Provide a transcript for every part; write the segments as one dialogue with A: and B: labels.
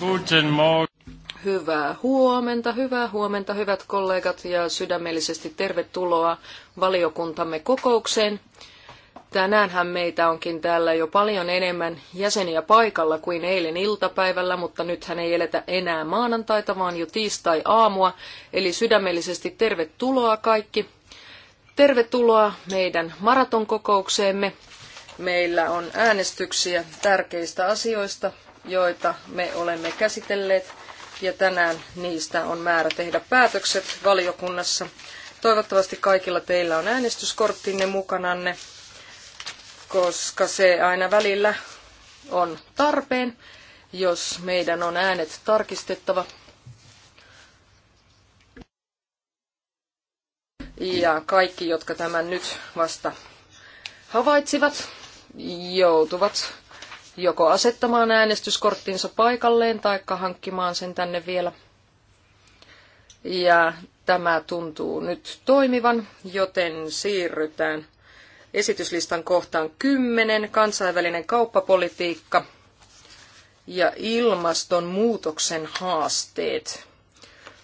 A: Guten Morgen.
B: Hyvää huomenta, hyvää huomenta, hyvät kollegat ja sydämellisesti tervetuloa valiokuntamme kokoukseen. Tänäänhän meitä onkin täällä jo paljon enemmän jäseniä paikalla kuin eilen iltapäivällä, mutta nythän ei eletä enää maanantaita, vaan jo tiistai-aamua. Eli sydämellisesti tervetuloa kaikki. Tervetuloa meidän maratonkokouksemme. Meillä on äänestyksiä tärkeistä asioista joita me olemme käsitelleet, ja tänään niistä on määrä tehdä päätökset valiokunnassa. Toivottavasti kaikilla teillä on äänestyskorttinne mukananne, koska se aina välillä on tarpeen, jos meidän on äänet tarkistettava. Ja kaikki, jotka tämän nyt vasta havaitsivat, joutuvat joko asettamaan äänestyskorttinsa paikalleen tai hankkimaan sen tänne vielä. Ja tämä tuntuu nyt toimivan, joten siirrytään esityslistan kohtaan 10, kansainvälinen kauppapolitiikka ja ilmastonmuutoksen haasteet.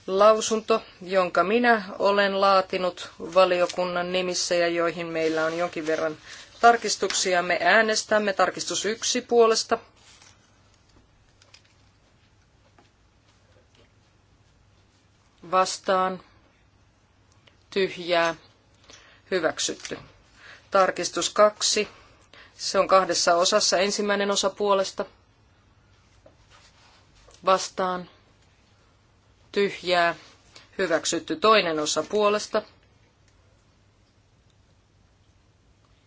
B: Lausunto, jonka minä olen laatinut valiokunnan nimissä ja joihin meillä on jonkin verran Tarkistuksia me äänestämme. Tarkistus yksi puolesta. Vastaan. Tyhjää. Hyväksytty. Tarkistus kaksi. Se on kahdessa osassa. Ensimmäinen osa puolesta. Vastaan. Tyhjää. Hyväksytty toinen osa puolesta.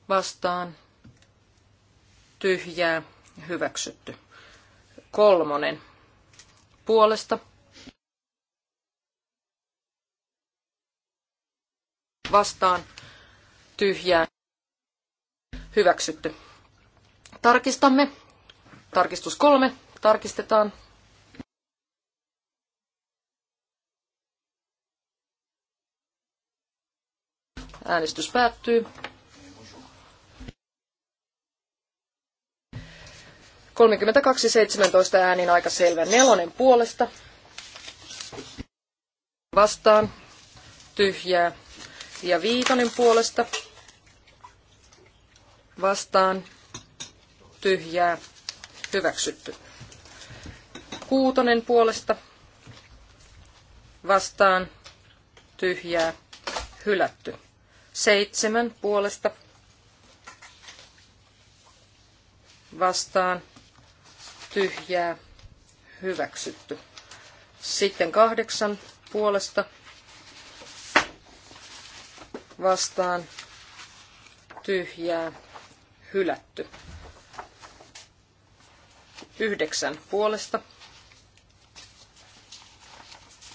B: vastaan tyhjää hyväksytty. Kolmonen puolesta vastaan tyhjää hyväksytty. Tarkistamme. Tarkistus kolme. Tarkistetaan. Äänestys päättyy. 32.17 äänin aika selvä. Nelonen puolesta. Vastaan. Tyhjää. Ja viitonen puolesta. Vastaan. Tyhjää. Hyväksytty. Kuutonen puolesta. Vastaan. Tyhjää. Hylätty. Seitsemän puolesta. Vastaan tyhjää hyväksytty. Sitten kahdeksan puolesta vastaan tyhjää hylätty. Yhdeksän puolesta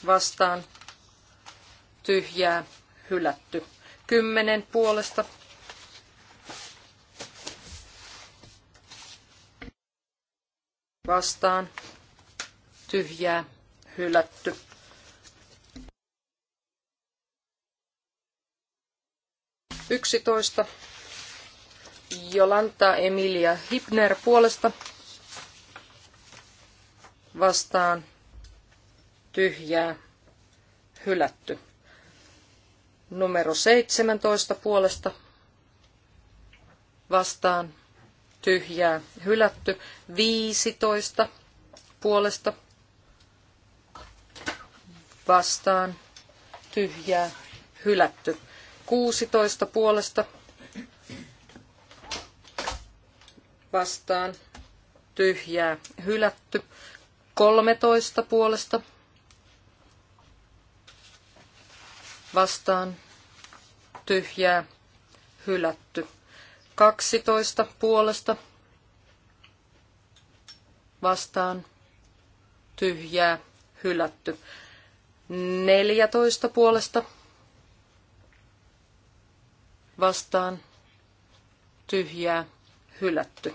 B: vastaan tyhjää hylätty. Kymmenen puolesta vastaan tyhjää hylätty. Yksitoista. Jolanta Emilia Hipner puolesta vastaan tyhjää hylätty. Numero 17 puolesta vastaan tyhjää hylätty. 15 puolesta vastaan tyhjää hylätty. 16 puolesta vastaan tyhjää hylätty. 13 puolesta vastaan tyhjää hylätty. 12 puolesta vastaan tyhjää hylätty. 14 puolesta vastaan tyhjää hylätty.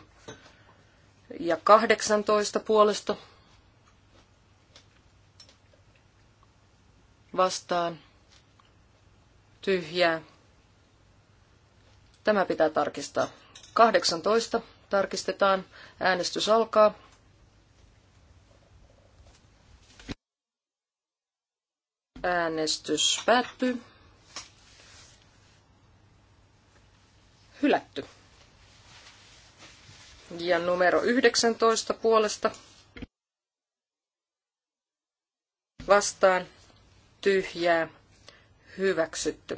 B: Ja 18 puolesta vastaan tyhjää Tämä pitää tarkistaa. 18 tarkistetaan. Äänestys alkaa. Äänestys päättyy. Hylätty. Ja numero 19 puolesta. Vastaan tyhjää hyväksytty.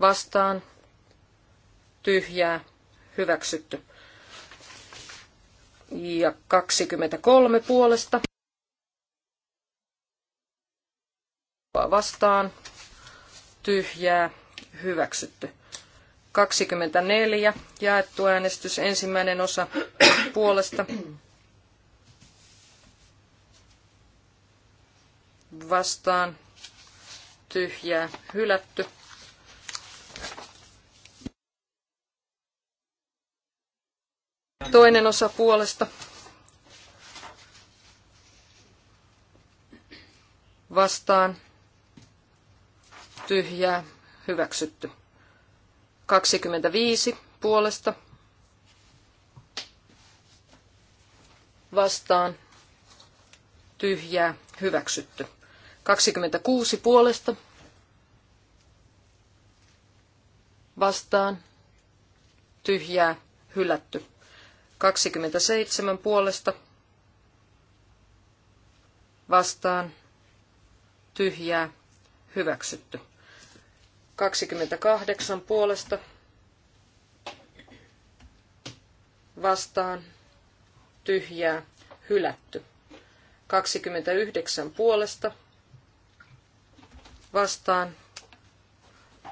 B: vastaan tyhjää hyväksytty. Ja 23 puolesta vastaan tyhjää hyväksytty. 24 jaettu äänestys ensimmäinen osa puolesta vastaan tyhjää hylätty Toinen osa puolesta. Vastaan. Tyhjää. Hyväksytty. 25 puolesta. Vastaan. Tyhjää. Hyväksytty. 26 puolesta. Vastaan. Tyhjää. Hylätty. 27 puolesta vastaan tyhjää hyväksytty. 28 puolesta vastaan tyhjää hylätty. 29 puolesta vastaan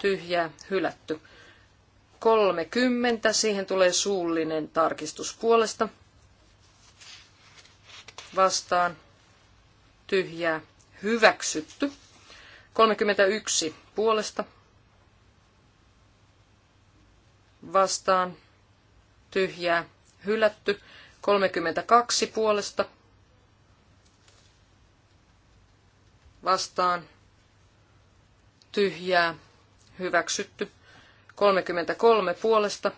B: tyhjää hylätty. 30, siihen tulee suullinen tarkistus puolesta. Vastaan tyhjää hyväksytty. 31 puolesta. Vastaan tyhjää hylätty. 32 puolesta. Vastaan tyhjää hyväksytty. 33 puolesta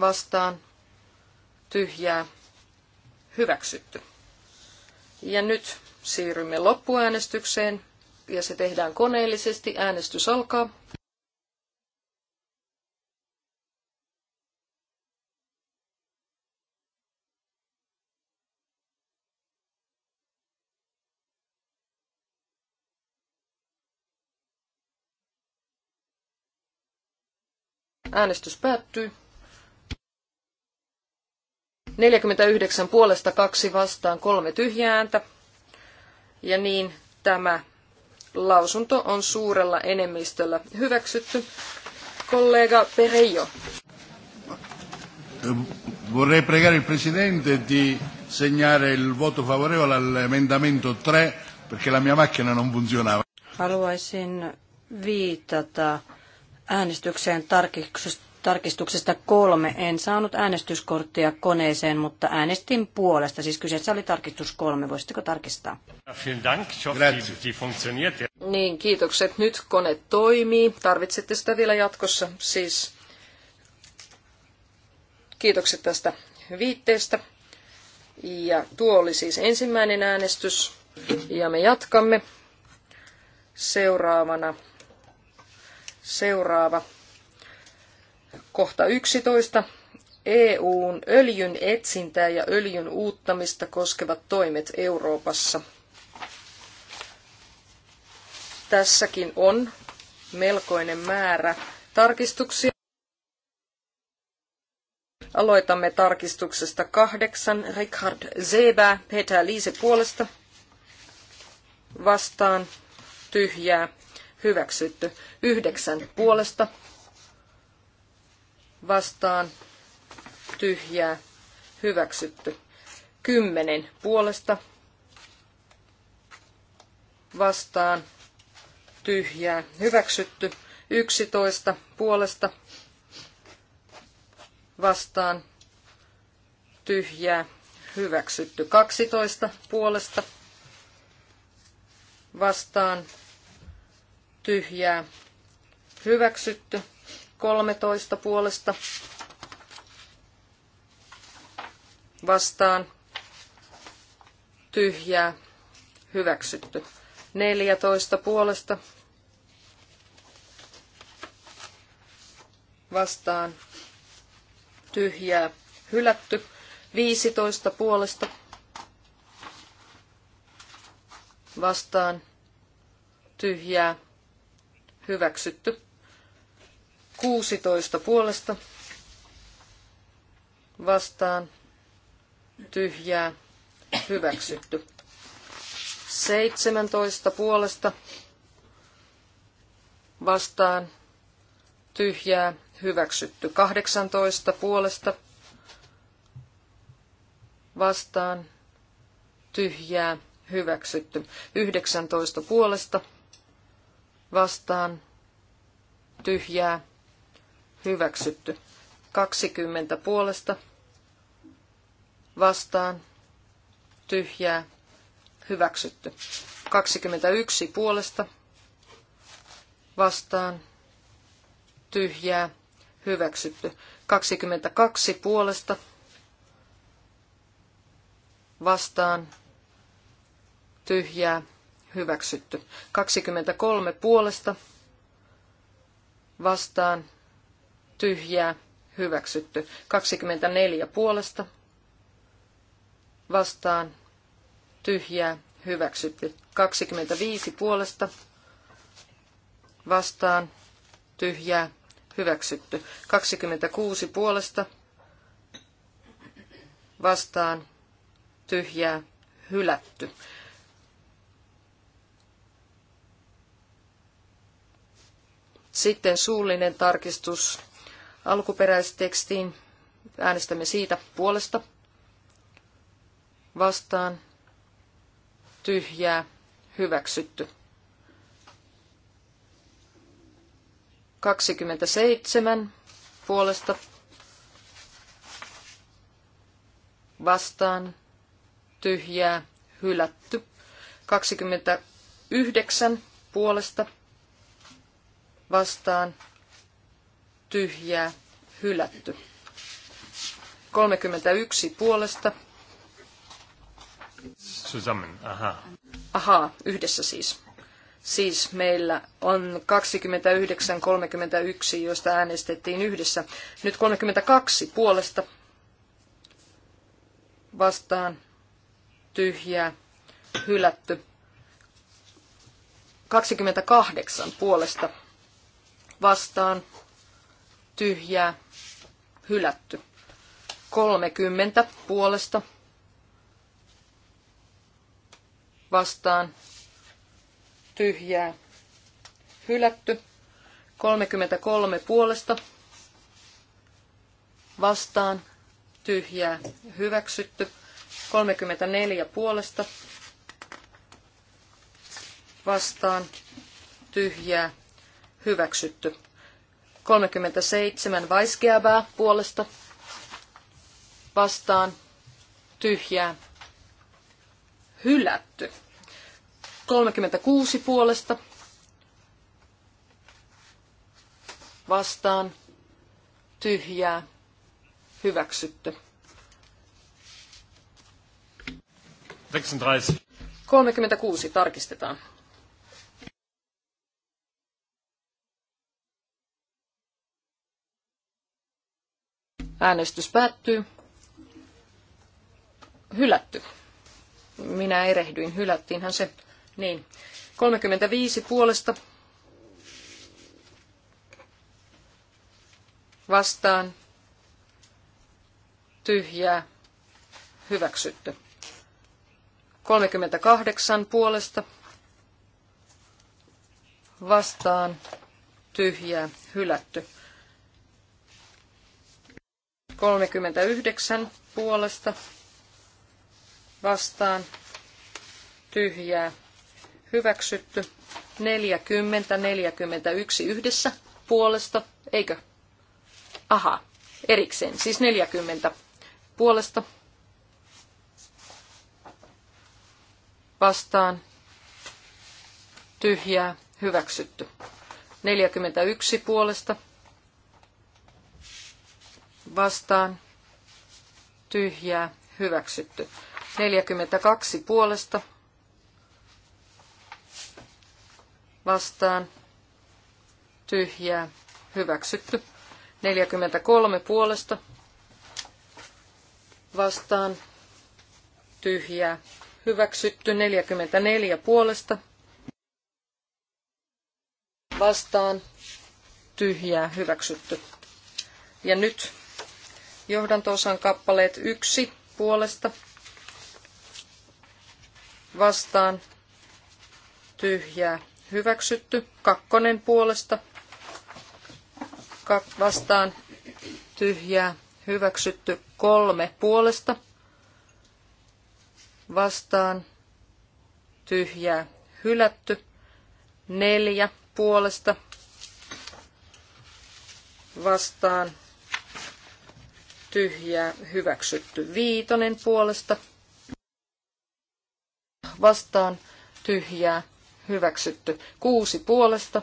B: vastaan tyhjää hyväksytty. Ja nyt siirrymme loppuäänestykseen ja se tehdään koneellisesti. Äänestys alkaa. Äänestys päättyy. 49 puolesta kaksi vastaan kolme tyhjää ääntä. Ja niin tämä lausunto on suurella enemmistöllä hyväksytty. Kollega Perejo.
C: Eh, vorrei pregare il Presidente di segnare il voto favorevole all'emendamento 3 perché la mia macchina non funzionava.
D: Haluaisin viitata äänestykseen tarkistuksesta kolme. En saanut äänestyskorttia koneeseen, mutta äänestin puolesta. Siis kyseessä oli tarkistus kolme. Voisitteko tarkistaa?
B: Niin, kiitokset. Nyt kone toimii. Tarvitsette sitä vielä jatkossa. Siis kiitokset tästä viitteestä. Ja tuo oli siis ensimmäinen äänestys. Ja me jatkamme seuraavana Seuraava kohta 11. EUn öljyn etsintää ja öljyn uuttamista koskevat toimet Euroopassa. Tässäkin on melkoinen määrä tarkistuksia. Aloitamme tarkistuksesta kahdeksan. Richard Zebä, Peter Liise puolesta. Vastaan tyhjää hyväksytty. Yhdeksän puolesta vastaan tyhjää hyväksytty. Kymmenen puolesta vastaan tyhjää hyväksytty. Yksitoista puolesta vastaan tyhjää hyväksytty. Kaksitoista puolesta vastaan tyhjää hyväksytty. 13 puolesta vastaan tyhjää hyväksytty. 14 puolesta vastaan tyhjää hylätty. 15 puolesta vastaan tyhjää hyväksytty. 16 puolesta vastaan tyhjää hyväksytty. 17 puolesta vastaan tyhjää hyväksytty. 18 puolesta vastaan tyhjää hyväksytty. 19 puolesta vastaan tyhjää hyväksytty. 20 puolesta vastaan tyhjää hyväksytty. 21 puolesta vastaan tyhjää hyväksytty. 22 puolesta vastaan tyhjää hyväksytty. 23 puolesta vastaan tyhjää hyväksytty. 24 puolesta vastaan tyhjää hyväksytty. 25 puolesta vastaan tyhjää hyväksytty. 26 puolesta vastaan tyhjää hylätty. Sitten suullinen tarkistus alkuperäistekstiin. Äänestämme siitä puolesta. Vastaan. Tyhjää. Hyväksytty. 27 puolesta vastaan tyhjää hylätty. 29 puolesta vastaan tyhjää hylätty. 31 puolesta.
A: Zusammen, aha.
B: Aha, yhdessä siis. Siis meillä on 29-31, joista äänestettiin yhdessä. Nyt 32 puolesta vastaan tyhjää hylätty. 28 puolesta vastaan tyhjää hylätty. 30 puolesta vastaan tyhjää hylätty. 33 puolesta vastaan tyhjää hyväksytty. 34 puolesta vastaan tyhjää hyväksytty. 37 Weisgerbää puolesta vastaan tyhjää hylätty. 36 puolesta vastaan tyhjää hyväksytty. Kolmekymmentäkuusi 36 tarkistetaan. Äänestys päättyy. Hylätty. Minä erehdyin, hylättiinhän se. Niin. 35 puolesta vastaan tyhjää hyväksytty. 38 puolesta vastaan tyhjää hylätty. 39 puolesta vastaan tyhjää hyväksytty. 40, 41 yhdessä puolesta, eikö? Aha, erikseen, siis 40 puolesta vastaan tyhjää hyväksytty. 41 puolesta vastaan tyhjää hyväksytty. 42 puolesta vastaan tyhjää hyväksytty. 43 puolesta vastaan tyhjää hyväksytty. 44 puolesta vastaan tyhjää hyväksytty. Ja nyt Johdantoosan kappaleet yksi puolesta vastaan tyhjää hyväksytty. Kakkonen puolesta Kak- vastaan tyhjää hyväksytty. Kolme puolesta vastaan tyhjää hylätty. Neljä puolesta vastaan tyhjää hyväksytty. Viitonen puolesta vastaan tyhjää hyväksytty. Kuusi puolesta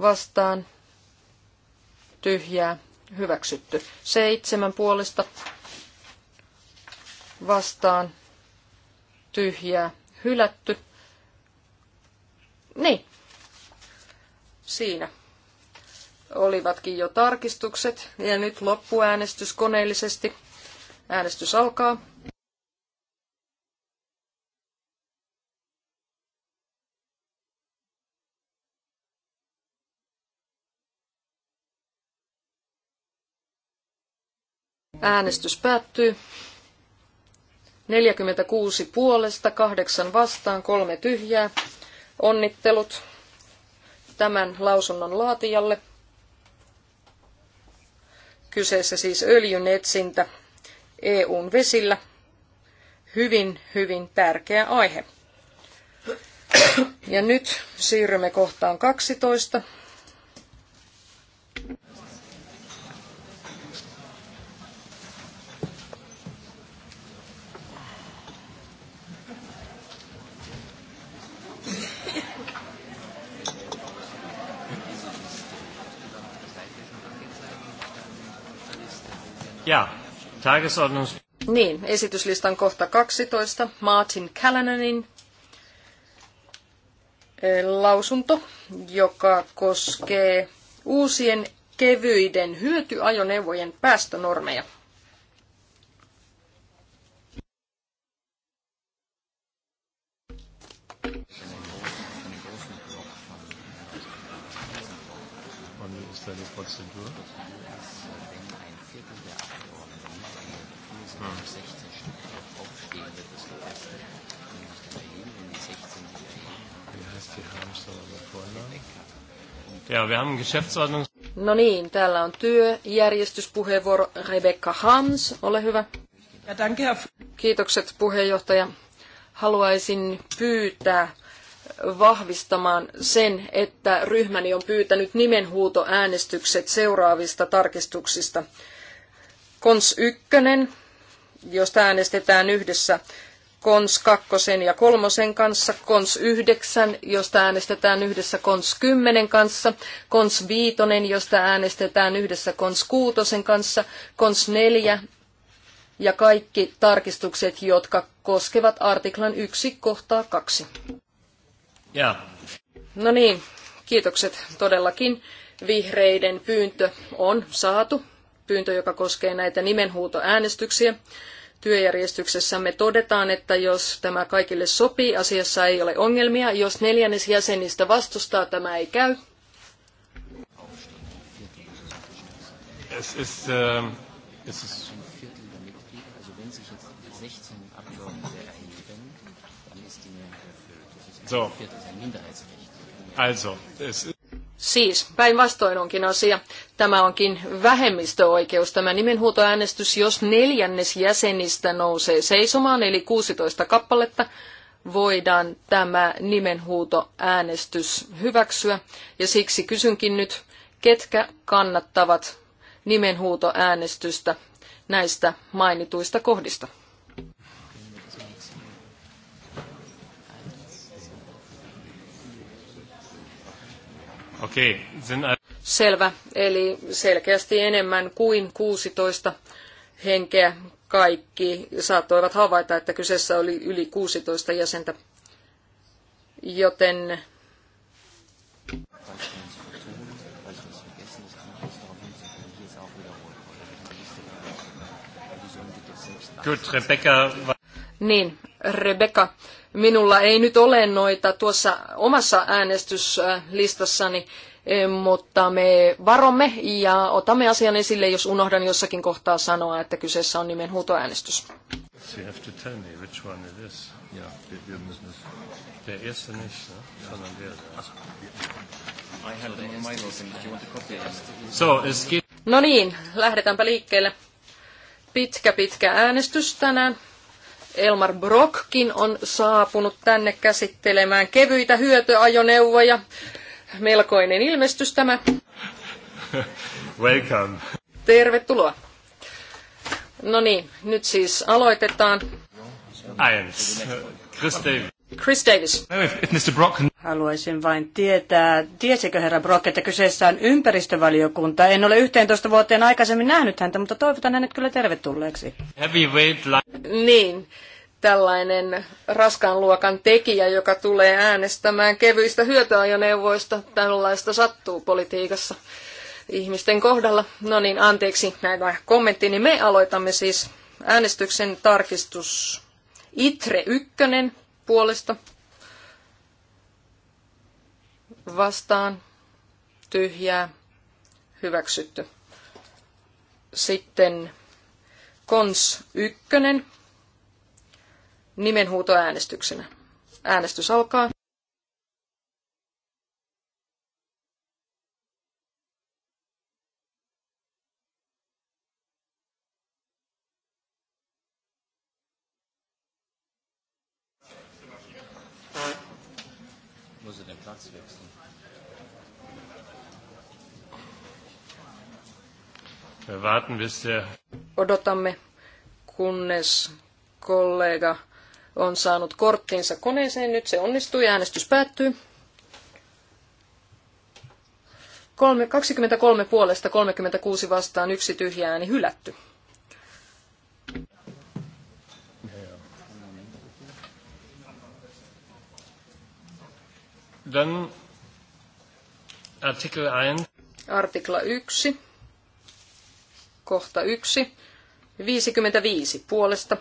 B: vastaan tyhjää hyväksytty. Seitsemän puolesta vastaan tyhjää hylätty. Niin. Siinä olivatkin jo tarkistukset. Ja nyt loppuäänestys koneellisesti. Äänestys alkaa. Äänestys päättyy. 46 puolesta, 8 vastaan, 3 tyhjää. Onnittelut tämän lausunnon laatijalle kyseessä siis öljynetsintä etsintä EUn vesillä. Hyvin, hyvin tärkeä aihe. Ja nyt siirrymme kohtaan 12. Niin, esityslistan kohta 12, Martin Callananin lausunto, joka koskee uusien kevyiden hyötyajoneuvojen päästönormeja.
A: Wann ist deine Prozedur? Ja, wir haben Geschäftsordnung.
B: No niin, täällä on työjärjestyspuheenvuoro Rebecca Hans, ole hyvä. Ja danke, Kiitokset puheenjohtaja. Haluaisin pyytää vahvistamaan sen, että ryhmäni on pyytänyt nimenhuutoäänestykset seuraavista tarkistuksista. Kons 1, josta äänestetään yhdessä kons kakkosen ja kolmosen kanssa, kons yhdeksän, josta äänestetään yhdessä kons kymmenen kanssa, kons viitonen, josta äänestetään yhdessä kons kuutosen kanssa, kons neljä ja kaikki tarkistukset, jotka koskevat artiklan yksi kohtaa kaksi. Ja. No niin, kiitokset todellakin. Vihreiden pyyntö on saatu, pyyntö, joka koskee näitä nimenhuutoäänestyksiä työjärjestyksessämme todetaan, että jos tämä kaikille sopii, asiassa ei ole ongelmia. Jos neljännes jäsenistä vastustaa, tämä ei käy.
A: Es ist, äh, es ist So. Also, es
B: Siis päinvastoin onkin asia. Tämä onkin vähemmistöoikeus, tämä nimenhuutoäänestys, jos neljännes jäsenistä nousee seisomaan, eli 16 kappaletta, voidaan tämä nimenhuutoäänestys hyväksyä. Ja siksi kysynkin nyt, ketkä kannattavat nimenhuutoäänestystä näistä mainituista kohdista. Okei, okay selvä, eli selkeästi enemmän kuin 16 henkeä kaikki saattoivat havaita, että kyseessä oli yli 16 jäsentä. Joten
A: Good, Rebecca.
B: Niin, Rebecca, minulla ei nyt ole noita tuossa omassa äänestyslistassani niin mutta me varomme ja otamme asian esille, jos unohdan jossakin kohtaa sanoa, että kyseessä on nimen huutoäänestys. No niin, lähdetäänpä liikkeelle. Pitkä, pitkä äänestys tänään. Elmar Brockkin on saapunut tänne käsittelemään kevyitä hyötyajoneuvoja melkoinen ilmestys tämä.
A: Welcome.
B: Tervetuloa. No niin, nyt siis aloitetaan.
A: Eins. Chris Davis.
D: Chris Davis.
A: No,
D: Haluaisin vain tietää, tiesikö herra Brock, että kyseessä on ympäristövaliokunta. En ole 11 vuoteen aikaisemmin nähnyt häntä, mutta toivotan hänet kyllä tervetulleeksi.
A: Heavyweight
D: niin,
B: tällainen raskaan luokan tekijä, joka tulee äänestämään kevyistä hyötyajoneuvoista. Tällaista sattuu politiikassa ihmisten kohdalla. No niin, anteeksi näitä kommentti, niin me aloitamme siis äänestyksen tarkistus ITRE ykkönen puolesta vastaan tyhjää hyväksytty. Sitten KONS ykkönen nimenhuutoäänestyksenä. Äänestys alkaa.
A: Er
B: Odotamme, kunnes kollega on saanut korttinsa koneeseen. Nyt se onnistui. Äänestys päättyy. 23 puolesta 36 vastaan yksi tyhjä ääni hylätty.
A: Then article 1.
B: Artikla 1. Kohta 1. 55 puolesta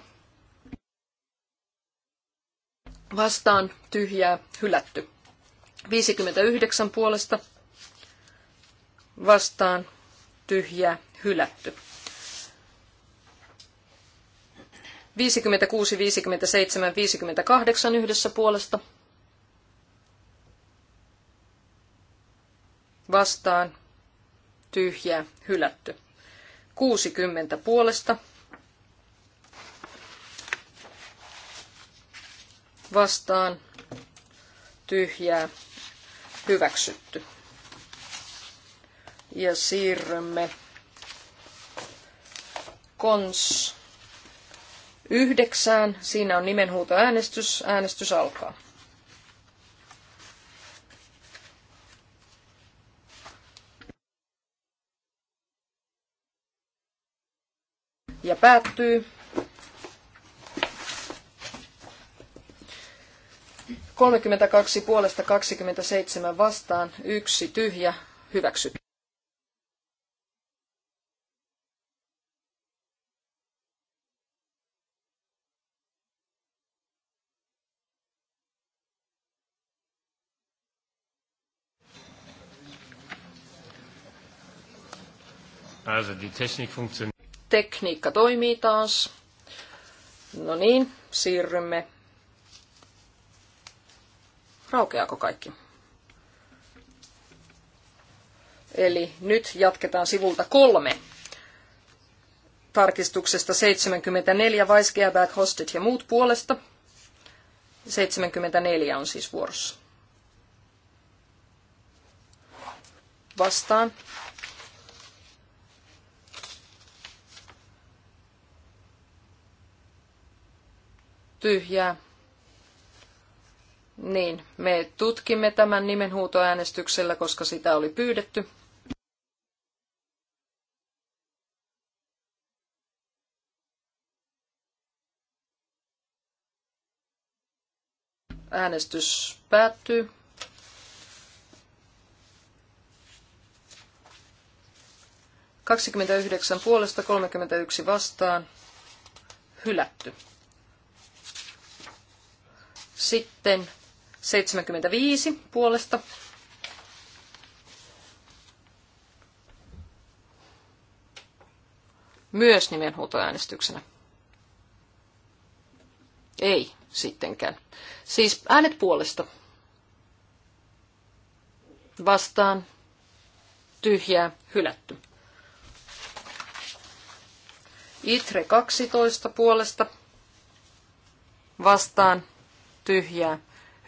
B: vastaan tyhjää hylätty. 59 puolesta vastaan tyhjää hylätty. 56, 57, 58 yhdessä puolesta vastaan tyhjää hylätty. 60 puolesta vastaan tyhjää hyväksytty. Ja siirrymme kons yhdeksään. Siinä on äänestys. Äänestys alkaa. Ja päättyy. 32 puolesta 27 vastaan, yksi tyhjä, hyväksy. Tekniikka toimii taas. No niin, siirrymme Raukeako kaikki? Eli nyt jatketaan sivulta kolme. Tarkistuksesta 74 Weisgerberg, hosted ja muut puolesta. 74 on siis vuorossa. Vastaan. Tyhjää. Niin, me tutkimme tämän nimenhuutoäänestyksellä, koska sitä oli pyydetty. Äänestys päättyy. Kaksikymmentäyhdeksän puolesta, 31 vastaan. Hylätty. Sitten 75 puolesta. Myös nimenhuutoäänestyksenä. Ei sittenkään. Siis äänet puolesta. Vastaan. Tyhjää. Hylätty. Itre 12 puolesta. Vastaan. Tyhjää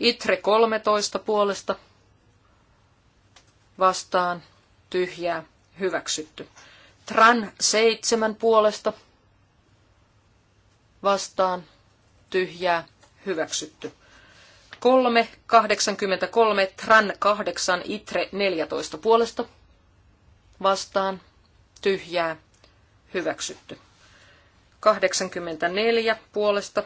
B: Itre 13 puolesta vastaan tyhjää hyväksytty. Tran 7 puolesta vastaan tyhjää hyväksytty. 3, 83, Tran 8, Itre 14 puolesta vastaan tyhjää hyväksytty. 84 puolesta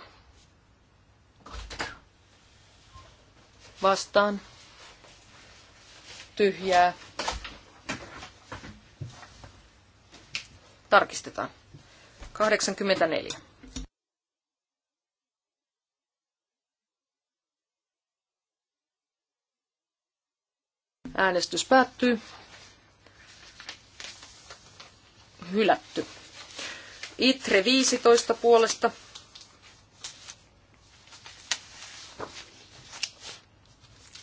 B: vastaan tyhjää. Tarkistetaan. 84. Äänestys päättyy. Hylätty. Itre 15 puolesta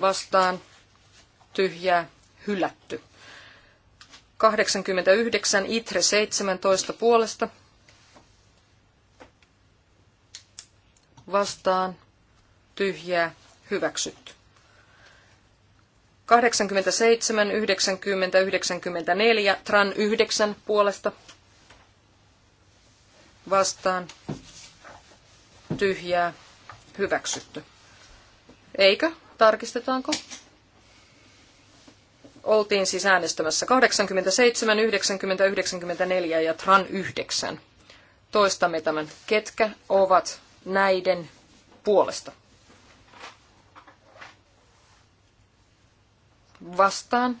B: vastaan tyhjää hylätty. 89 itre 17 puolesta vastaan tyhjää hyväksytty. 87, 90, 94, tran 9 puolesta vastaan tyhjää hyväksytty. Eikö? Tarkistetaanko? Oltiin siis äänestämässä 87, 90, 94 ja TRAN 9. Toistamme tämän. Ketkä ovat näiden puolesta? Vastaan.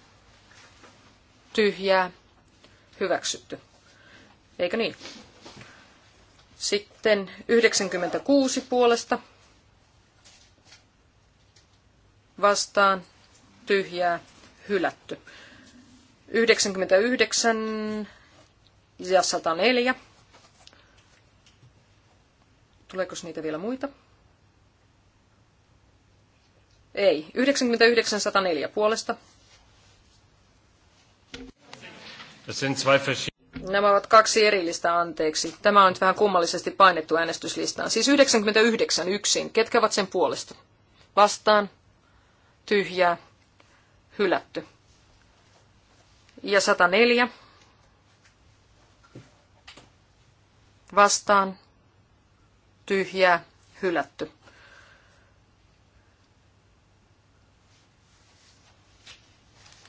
B: Tyhjää. Hyväksytty. Eikö niin? Sitten 96 puolesta vastaan tyhjää hylätty. 99 ja 104. Tuleeko niitä vielä muita? Ei. 99 104 puolesta. Nämä ovat kaksi erillistä, anteeksi. Tämä on nyt vähän kummallisesti painettu äänestyslistaan. Siis 99 yksin. Ketkä ovat sen puolesta? Vastaan tyhjää, hylätty. Ja 104 vastaan, tyhjää, hylätty.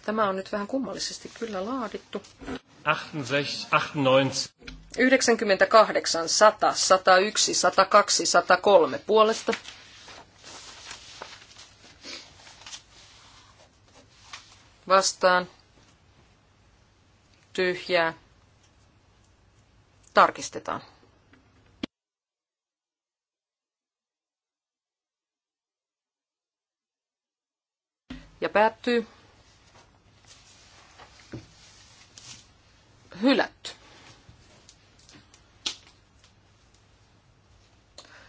B: Tämä on nyt vähän kummallisesti kyllä laadittu.
A: 98,
B: 98, 100, 101, 102, 103 puolesta vastaan, tyhjää, tarkistetaan. Ja päättyy. Hylätty.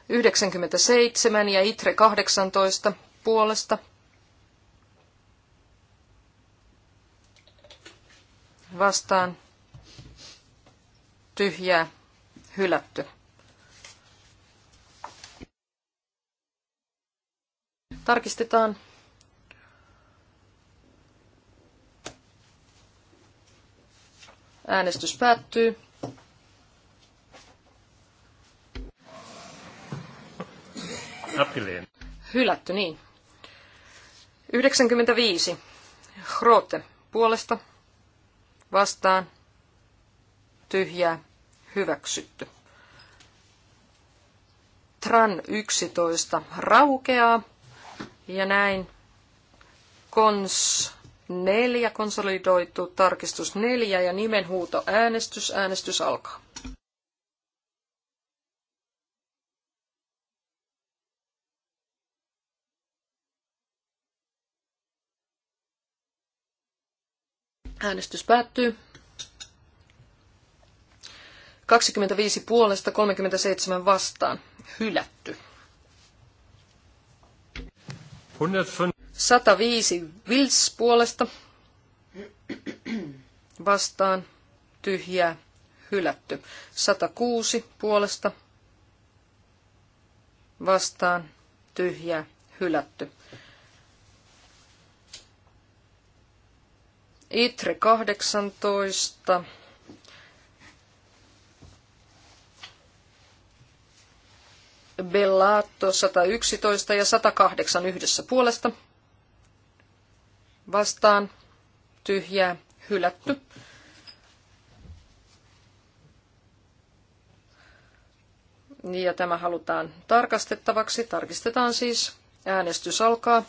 B: 97 ja ITRE 18 puolesta vastaan tyhjää hylätty. Tarkistetaan. Äänestys päättyy. Napileen. Hylätty, niin. 95. Grote puolesta vastaan tyhjä, hyväksytty. Tran 11 raukeaa ja näin kons 4 konsolidoitu tarkistus 4 ja nimenhuuto äänestys. Äänestys alkaa. Äänestys päättyy. 25 puolesta 37 vastaan. Hylätty. 105 Vils puolesta vastaan tyhjää hylätty. 106 puolesta vastaan tyhjää hylätty. ITRE 18. Bellato 111 ja 108 yhdessä puolesta. Vastaan tyhjää hylätty. Ja tämä halutaan tarkastettavaksi. Tarkistetaan siis. Äänestys alkaa.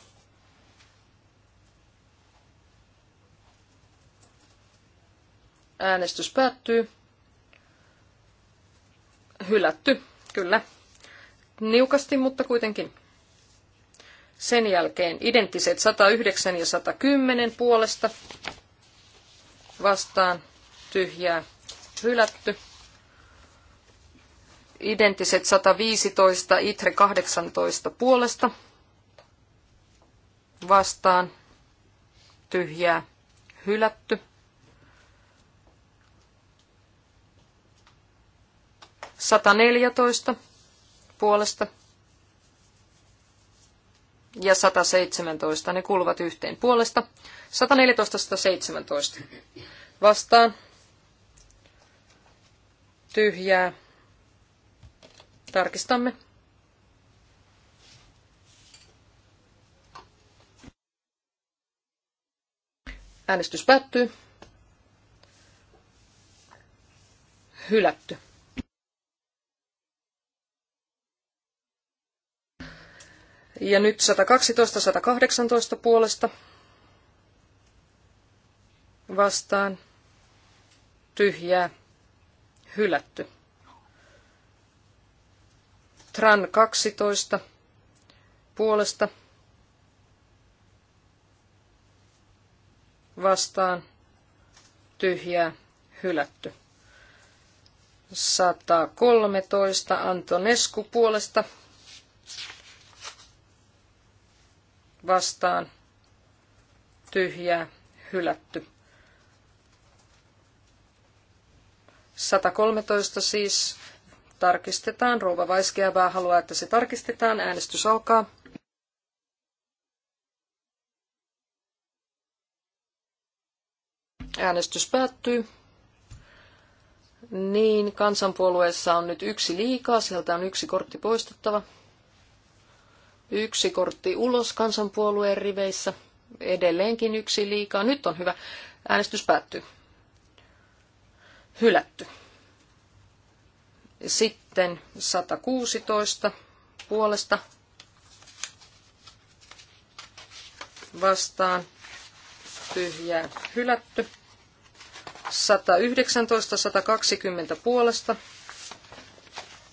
B: Äänestys päättyy. Hylätty, kyllä. Niukasti, mutta kuitenkin. Sen jälkeen identtiset 109 ja 110 puolesta vastaan tyhjää hylätty. Identtiset 115, ITRE 18 puolesta vastaan tyhjää hylätty. 114 puolesta ja 117. Ne kuuluvat yhteen puolesta. 114-117 vastaan. Tyhjää. Tarkistamme. Äänestys päättyy. Hylätty. Ja nyt 112-118 puolesta vastaan tyhjää hylätty. Tran 12 puolesta vastaan tyhjää hylätty. 113 antonesku puolesta vastaan tyhjää hylätty. 113 siis tarkistetaan. Rouva Vaiskeavää haluaa, että se tarkistetaan. Äänestys alkaa. Äänestys päättyy. Niin, kansanpuolueessa on nyt yksi liikaa, sieltä on yksi kortti poistettava. Yksi kortti ulos kansanpuolueen riveissä. Edelleenkin yksi liikaa. Nyt on hyvä. Äänestys päättyy. Hylätty. Sitten 116 puolesta vastaan tyhjää hylätty. 119, 120 puolesta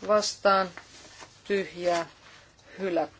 B: vastaan tyhjää hylätty.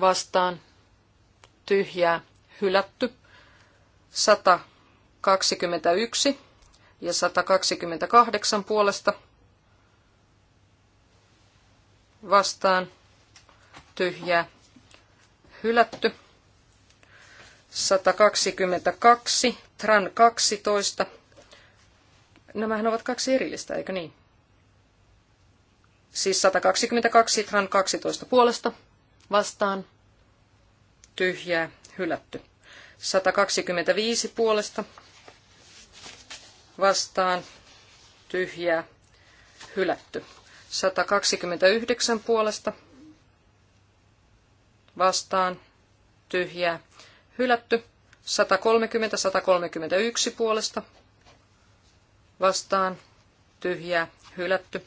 B: vastaan tyhjää hylätty 121 ja 128 puolesta vastaan tyhjää hylätty 122 tran 12 Nämähän ovat kaksi erillistä, eikö niin? Siis 122 tran 12 puolesta vastaan, tyhjää, hylätty. 125 puolesta vastaan, tyhjää, hylätty. 129 puolesta vastaan, tyhjää, hylätty. 130, 131 puolesta vastaan, tyhjää, hylätty.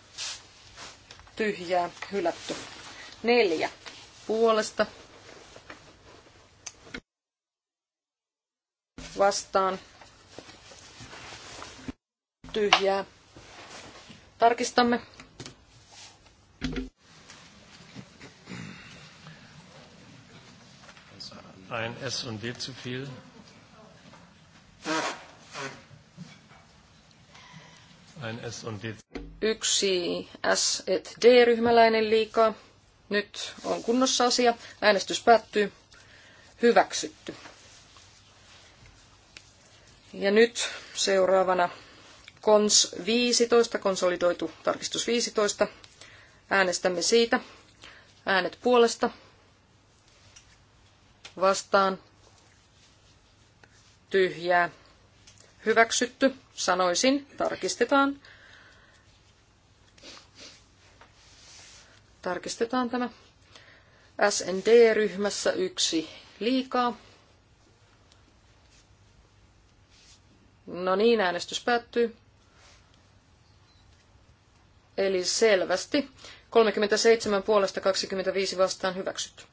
B: tyhjää, hylätty. Neljä puolesta vastaan tyhjää. Tarkistamme.
D: Ein
A: S und D zu viel. Ein S und D
B: yksi S et D-ryhmäläinen liikaa. Nyt on kunnossa asia. Äänestys päättyy. Hyväksytty. Ja nyt seuraavana kons 15, konsolidoitu tarkistus 15. Äänestämme siitä. Äänet puolesta. Vastaan. Tyhjää. Hyväksytty. Sanoisin. Tarkistetaan. Tarkistetaan tämä. SND-ryhmässä yksi liikaa. No niin, äänestys päättyy. Eli selvästi. 37 puolesta 25 vastaan hyväksytty.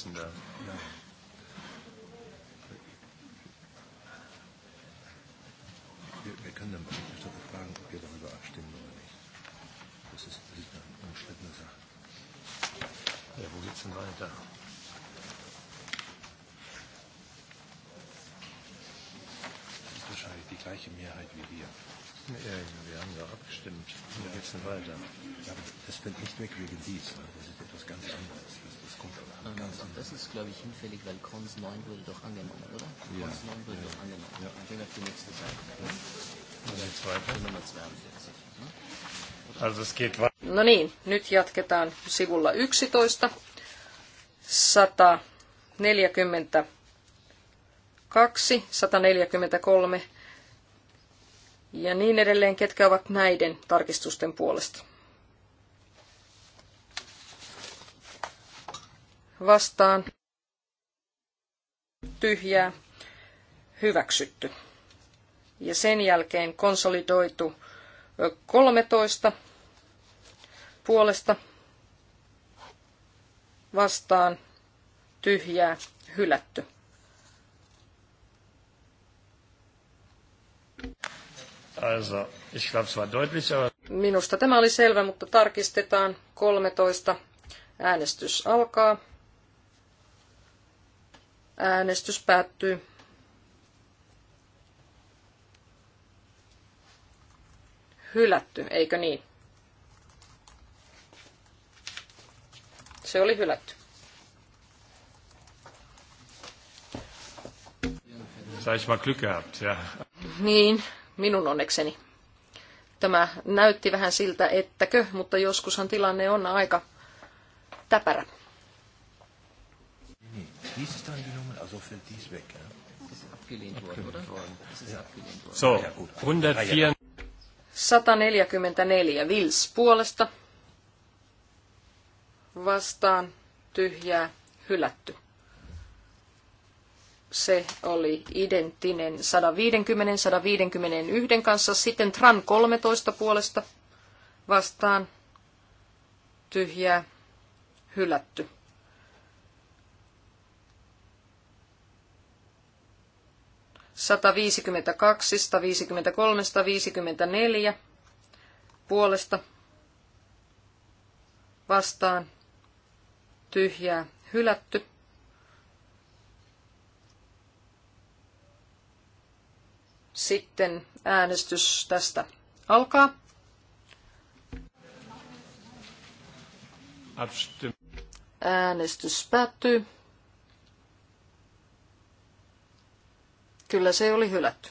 A: Vorsitzender. Konstantin wurde doch angenommen, oder? Ja. Konstantin wurde ja. doch angenommen. Ja. Dann gehen wir auf die nächste Seite. Ne?
B: No niin, nyt jatketaan sivulla 11. 142, 143 ja niin edelleen, ketkä ovat näiden tarkistusten puolesta. Vastaan tyhjää hyväksytty. Ja sen jälkeen konsolidoitu 13 puolesta vastaan tyhjää hylätty.
A: Also, ich glaub, es war deutlich, aber...
B: Minusta tämä oli selvä, mutta tarkistetaan. 13. Äänestys alkaa. Äänestys päättyy. Hylätty, eikö niin? Se oli hylätty.
A: Sag vaan mal ja.
B: Niin, minun onnekseni. Tämä näytti vähän siltä, ettäkö, mutta joskushan tilanne on aika täpärä. Dies ist angenommen, also fällt dies weg. Ja?
A: Das ist abgelehnt worden, oder? Das ist ja. abgelehnt worden. So, ja, gut. 104.
B: 144 Vils puolesta vastaan tyhjää hylätty. Se oli identtinen 150, 151 kanssa, sitten Tran 13 puolesta vastaan tyhjää hylätty. 152, 153, 154 puolesta vastaan tyhjää hylätty. Sitten äänestys tästä alkaa. Äänestys päättyy. Kyllä se oli hylätty.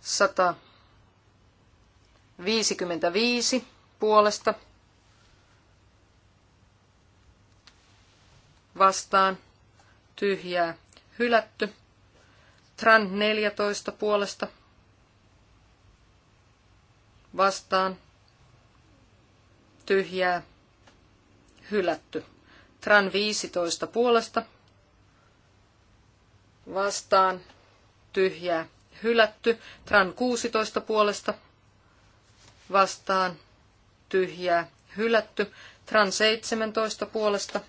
B: 155 puolesta vastaan tyhjää hylätty. Tran 14 puolesta vastaan tyhjää hylätty. Tran 15 puolesta vastaan tyhjää hylätty. Tran 16 puolesta vastaan tyhjää hylätty. Tran 17 puolesta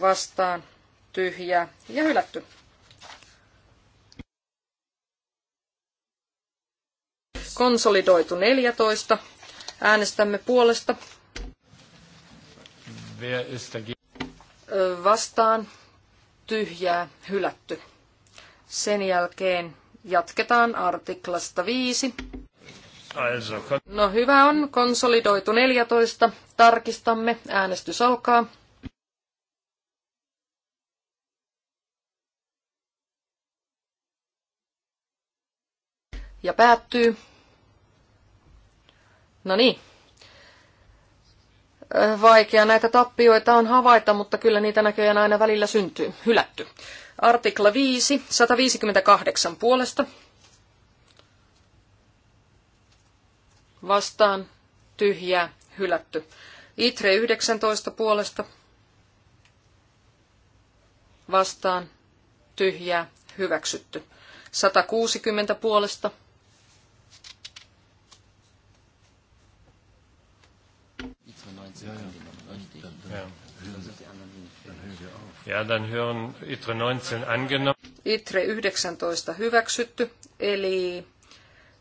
B: vastaan tyhjää ja hylätty. Konsolidoitu 14. Äänestämme puolesta. Vastaan tyhjää hylätty. Sen jälkeen jatketaan artiklasta 5. No hyvä on, konsolidoitu 14. Tarkistamme, äänestys alkaa. Ja päättyy. No niin, Vaikea näitä tappioita on havaita, mutta kyllä niitä näköjään aina välillä syntyy. Hylätty. Artikla 5, 158 puolesta. Vastaan tyhjää, hylätty. Itre 19 puolesta. Vastaan tyhjää, hyväksytty. 160 puolesta
A: Ja, dann hören ITRE 19 angenommen.
B: ITRE 19 hyväksytty, eli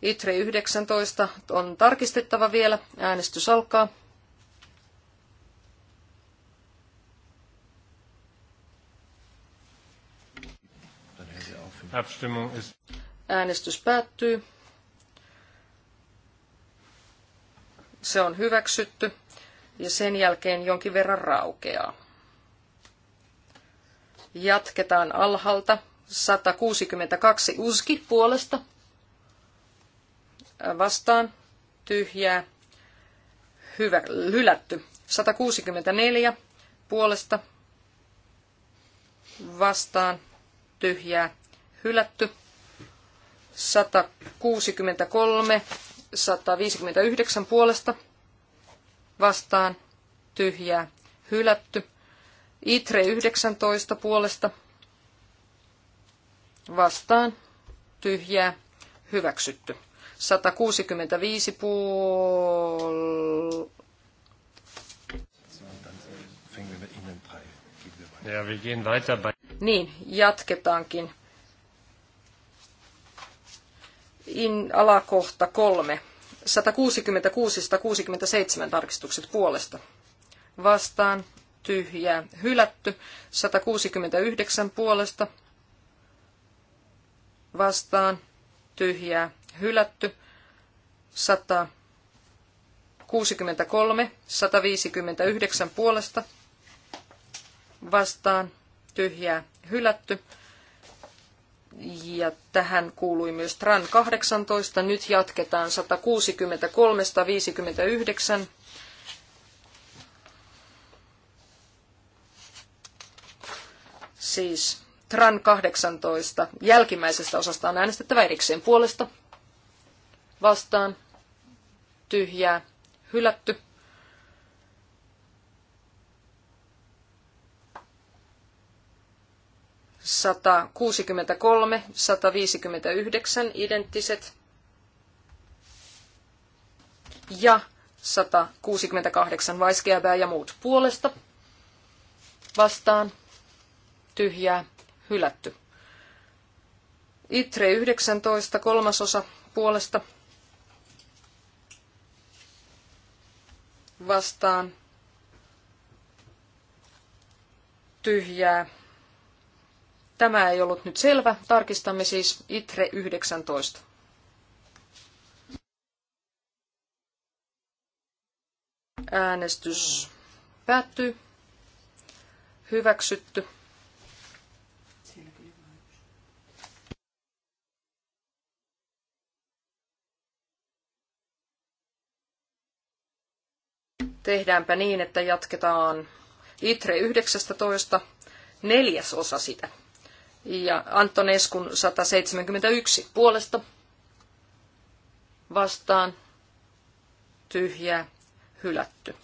B: ITRE 19 on tarkistettava vielä. Äänestys alkaa. Äänestys päättyy. Se on hyväksytty ja sen jälkeen jonkin verran raukeaa. Jatketaan alhaalta. 162 uski puolesta. Vastaan. Tyhjää. Hyvä, hylätty. 164 puolesta. Vastaan. Tyhjää. Hylätty. 163, 159 puolesta vastaan, tyhjää, hylätty. Itre 19 puolesta vastaan tyhjää hyväksytty. 165 puol... Niin, jatketaankin. In alakohta kolme. 166-167 tarkistukset puolesta. Vastaan tyhjää hylätty. 169 puolesta vastaan tyhjää hylätty. 163, 159 puolesta vastaan tyhjää hylätty. Ja tähän kuului myös TRAN 18. Nyt jatketaan 163, 159 siis TRAN 18 jälkimmäisestä osasta on äänestettävä erikseen puolesta, vastaan, tyhjää, hylätty. Sata kuusikymmentä kolme, identtiset ja 168 kuusikymmentä ja muut puolesta vastaan tyhjää, hylätty. Itre 19, kolmasosa puolesta vastaan tyhjää. Tämä ei ollut nyt selvä. Tarkistamme siis ITRE 19. Äänestys päättyy. Hyväksytty. tehdäänpä niin, että jatketaan ITRE 19, neljäs osa sitä. Ja Antoneskun 171 puolesta vastaan tyhjä hylätty.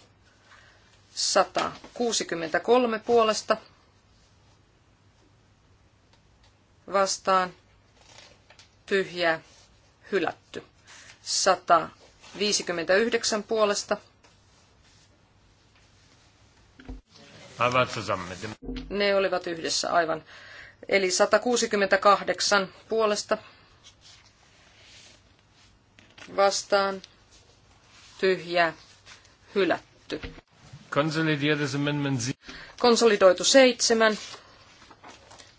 B: 163 puolesta vastaan tyhjä hylätty. 159 puolesta vastaan Ne olivat yhdessä aivan. Eli 168 puolesta vastaan tyhjää hylätty. Konsolidoitu seitsemän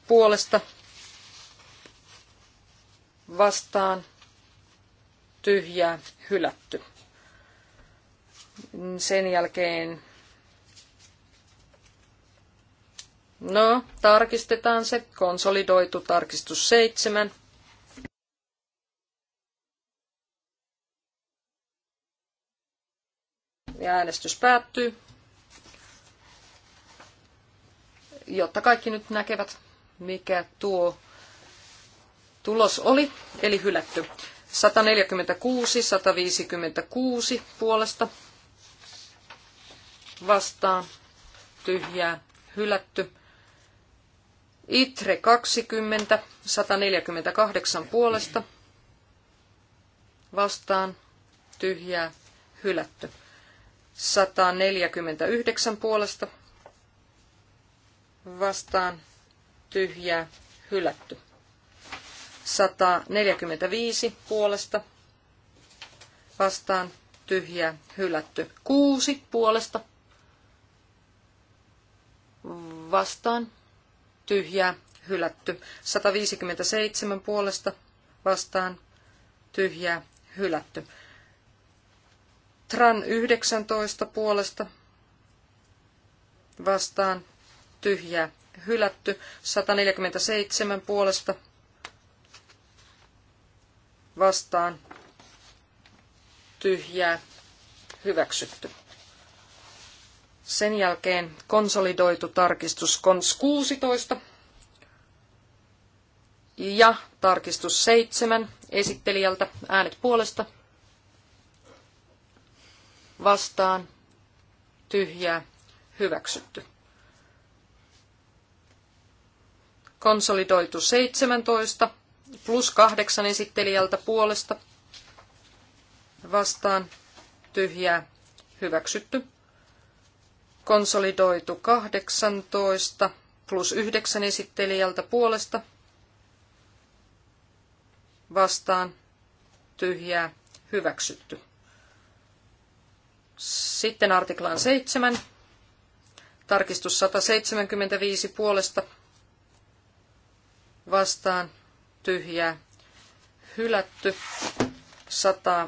B: puolesta vastaan tyhjää hylätty. Sen jälkeen No, tarkistetaan se. Konsolidoitu tarkistus 7. Ja äänestys päättyy, jotta kaikki nyt näkevät, mikä tuo tulos oli, eli hylätty. 146, 156 puolesta vastaan, tyhjää, hylätty. ITRE 20, 148 puolesta, vastaan, tyhjää, hylätty. 149 puolesta, vastaan, tyhjää, hylätty. 145 puolesta, vastaan, tyhjää, hylätty. 6 puolesta, vastaan, tyhjää, hylätty. 157 puolesta vastaan, tyhjää, hylätty. Tran 19 puolesta vastaan, tyhjää, hylätty. 147 puolesta vastaan, tyhjää, hyväksytty. Sen jälkeen konsolidoitu tarkistus KONS 16 ja tarkistus 7 esittelijältä äänet puolesta vastaan tyhjää hyväksytty. Konsolidoitu 17 plus 8 esittelijältä puolesta vastaan tyhjää hyväksytty. Konsolidoitu 18 plus 9 esittelijältä puolesta vastaan tyhjää hyväksytty. Sitten artiklaan 7. Tarkistus 175 puolesta vastaan tyhjää hylätty. 100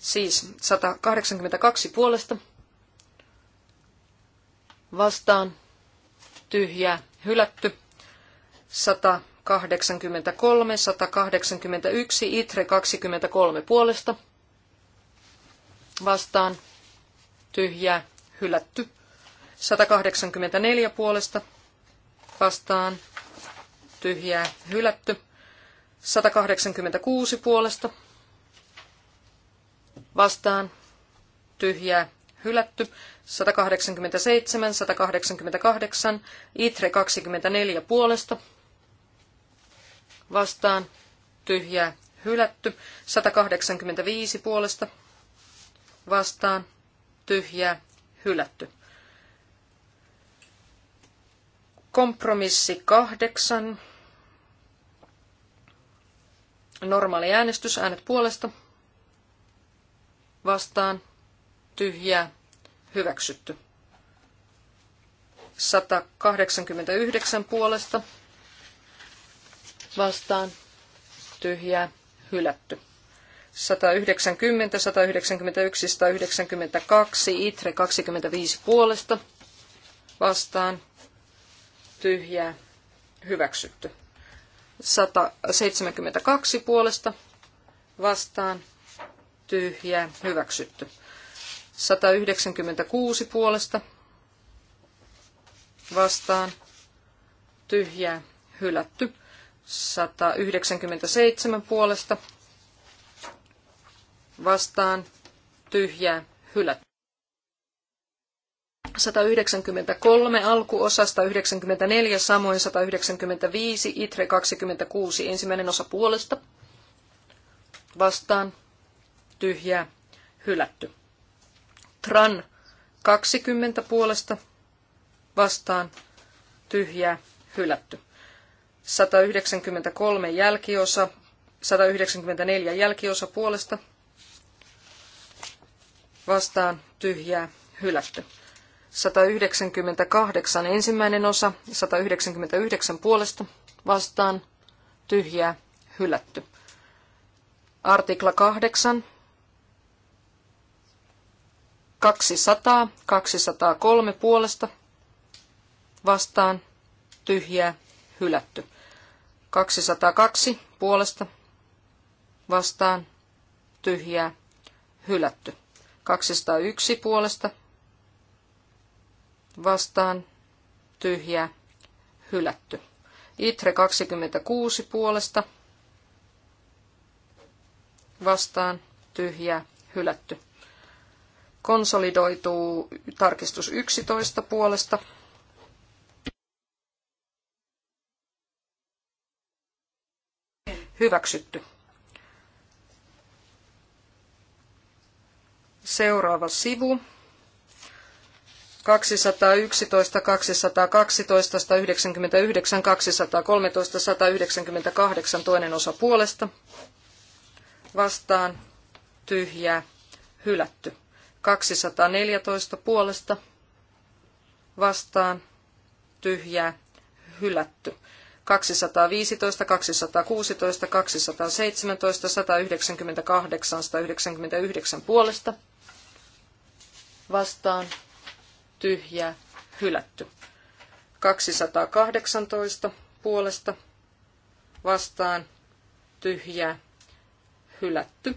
B: Siis 182 puolesta vastaan tyhjä hylätty. 183, 181, ITRE 23 puolesta vastaan tyhjä hylätty. 184 puolesta vastaan tyhjä hylätty. 186 puolesta vastaan tyhjää hylätty. 187, 188, ITRE 24 puolesta vastaan tyhjää hylätty. 185 puolesta vastaan tyhjää hylätty. Kompromissi kahdeksan. Normaali äänestys, äänet puolesta, vastaan tyhjää hyväksytty. 189 puolesta vastaan tyhjää hylätty. 190, 191, 192, ITRE 25 puolesta vastaan tyhjää hyväksytty. 172 puolesta vastaan tyhjä hyväksytty. 196 puolesta vastaan, tyhjä hylätty. 197 puolesta vastaan, tyhjä hylätty. 193 alkuosasta 194 samoin 195, ITRE 26, ensimmäinen osa puolesta. Vastaan, tyhjää hylätty. Tran 20 puolesta vastaan tyhjää hylätty. 193 jälkiosa, 194 jälkiosa puolesta vastaan tyhjää hylätty. 198 ensimmäinen osa, 199 puolesta vastaan tyhjää hylätty. Artikla 8, 200, 203 puolesta vastaan tyhjää hylätty. 202 puolesta vastaan tyhjää hylätty. 201 puolesta vastaan tyhjää hylätty. Itre 26 puolesta vastaan tyhjää hylätty konsolidoituu tarkistus 11 puolesta. Hyväksytty. Seuraava sivu. 211, 212, 199, 213, 198 toinen osa puolesta. Vastaan tyhjää, hylätty. 214 puolesta vastaan tyhjää hylätty. 215, 216, 217, 198, 199 puolesta vastaan tyhjää hylätty. 218 puolesta vastaan tyhjää hylätty.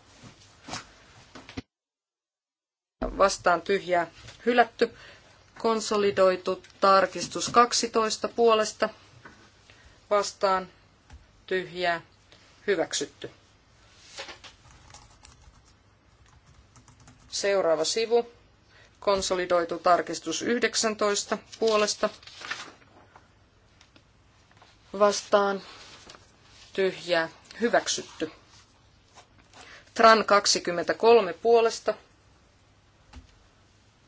B: vastaan tyhjää hylätty. Konsolidoitu tarkistus 12 puolesta vastaan tyhjää hyväksytty. Seuraava sivu. Konsolidoitu tarkistus 19 puolesta vastaan tyhjää hyväksytty. Tran 23 puolesta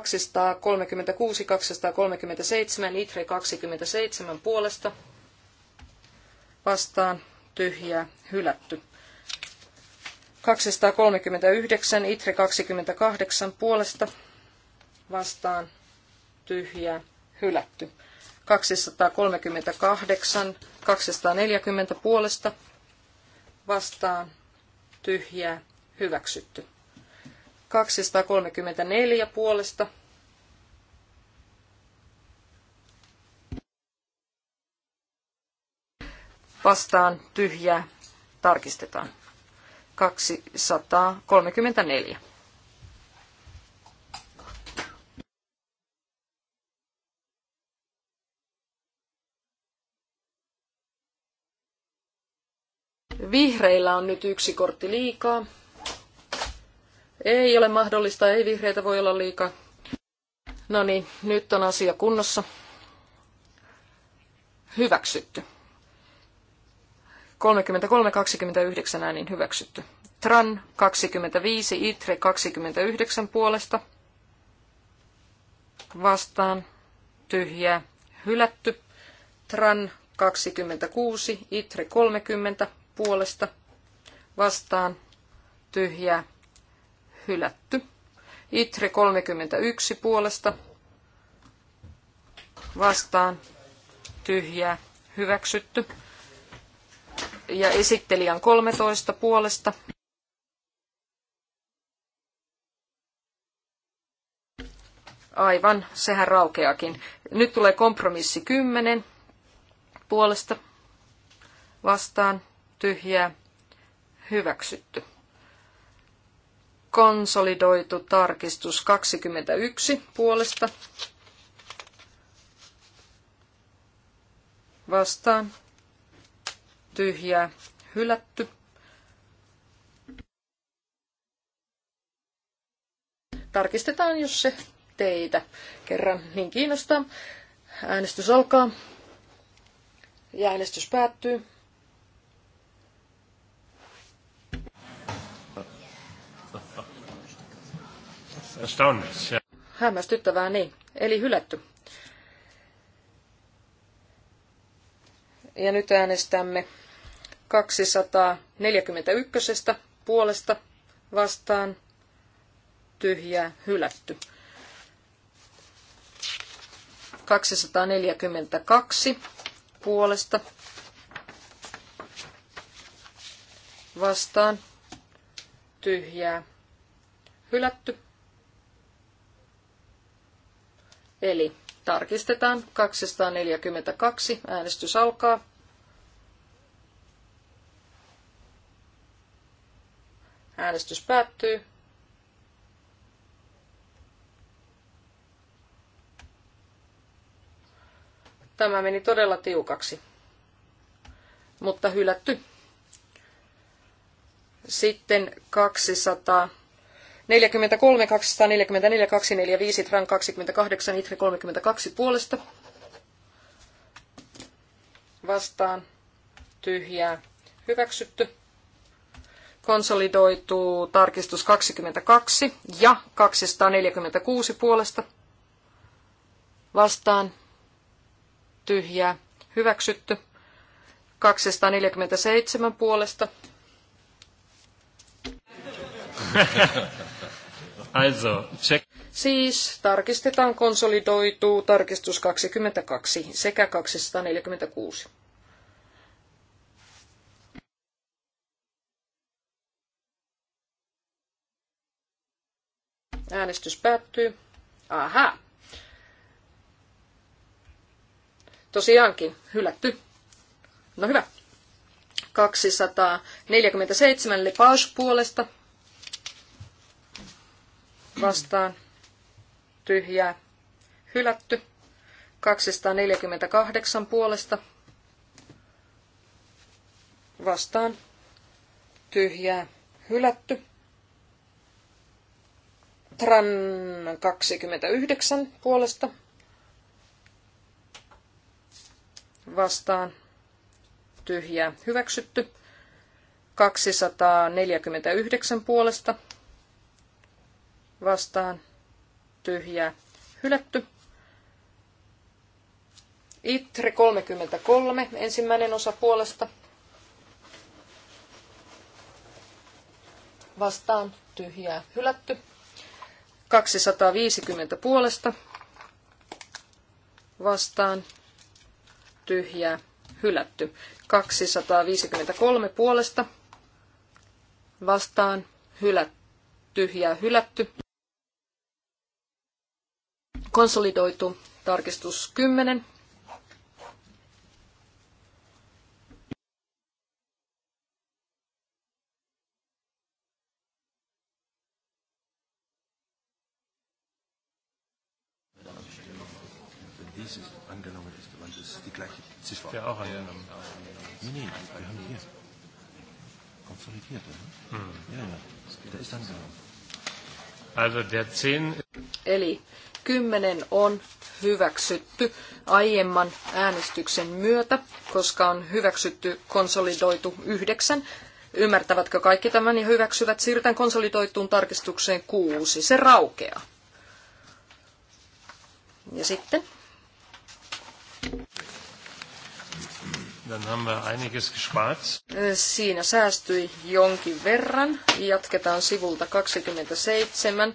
B: 236, 237, ITRE 27 puolesta vastaan tyhjää hylätty. 239, ITRE 28 puolesta vastaan tyhjää hylätty. 238, 240 puolesta vastaan tyhjää hyväksytty. 234 puolesta. Vastaan tyhjää. Tarkistetaan. 234. Vihreillä on nyt yksi kortti liikaa. Ei ole mahdollista, ei vihreitä voi olla liikaa. No niin, nyt on asia kunnossa. Hyväksytty. 33-29 äänin hyväksytty. Tran 25, Itre 29 puolesta. Vastaan tyhjää hylätty. Tran 26, Itre 30 puolesta. Vastaan tyhjää hylätty. Itre 31 puolesta vastaan tyhjää hyväksytty. Ja esittelijän 13 puolesta. Aivan, sehän raukeakin. Nyt tulee kompromissi 10 puolesta vastaan tyhjää hyväksytty. Konsolidoitu tarkistus 21 puolesta. Vastaan. Tyhjää. Hylätty. Tarkistetaan, jos se teitä kerran niin kiinnostaa. Äänestys alkaa. Ja äänestys päättyy. Hämmästyttävää, niin. Eli hylätty. Ja nyt äänestämme 241 puolesta vastaan tyhjää hylätty. 242 puolesta vastaan tyhjää hylätty. Eli tarkistetaan 242. Äänestys alkaa. Äänestys päättyy. Tämä meni todella tiukaksi, mutta hylätty. Sitten 200. 43, 244, 245, Tran 28, Itre 32 puolesta. Vastaan tyhjää hyväksytty. Konsolidoituu tarkistus 22 ja 246 puolesta. Vastaan tyhjää hyväksytty. 247 puolesta.
A: Also, check.
B: Siis tarkistetaan konsolidoitu tarkistus 22 sekä 246. Äänestys päättyy. Aha. Tosiaankin, hylätty. No hyvä. 247 Lepage puolesta vastaan tyhjää hylätty. 248 puolesta vastaan tyhjää hylätty. Tran 29 puolesta vastaan tyhjää hyväksytty. 249 puolesta vastaan tyhjää hylätty. Itre 33, ensimmäinen osa puolesta. Vastaan tyhjää hylätty. 250 puolesta. Vastaan tyhjää hylätty. 253 puolesta. Vastaan hylä, tyhjää hylätty. Konsolidoitu tarkistus 10.
A: Hm. Also der 10...
B: Eli 10 on hyväksytty aiemman äänestyksen myötä, koska on hyväksytty konsolidoitu 9. Ymmärtävätkö kaikki tämän ja hyväksyvät? Siirrytään konsolidoituun tarkistukseen 6. Se raukeaa. Ja sitten?
A: Dann haben wir einiges gespart.
B: Siinä säästyi jonkin verran. Jatketaan sivulta 27.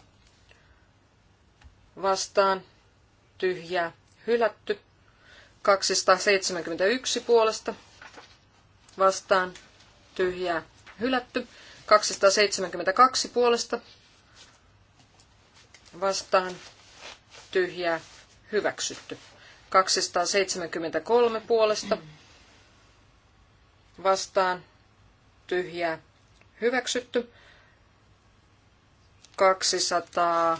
B: vastaan tyhjää hylätty. 271 puolesta vastaan tyhjää hylätty. 272 puolesta vastaan tyhjää hyväksytty. 273 puolesta vastaan tyhjää hyväksytty. 200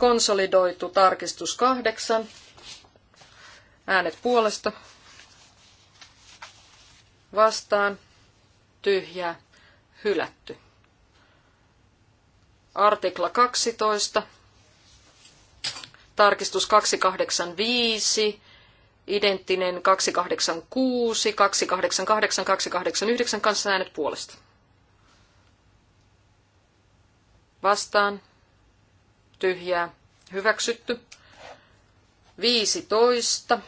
B: Konsolidoitu tarkistus kahdeksan. Äänet puolesta. Vastaan. Tyhjää. Hylätty. Artikla 12. Tarkistus 285 identtinen 286, 288, 289 kanssa äänet puolesta. Vastaan tyhjää hyväksytty. 15.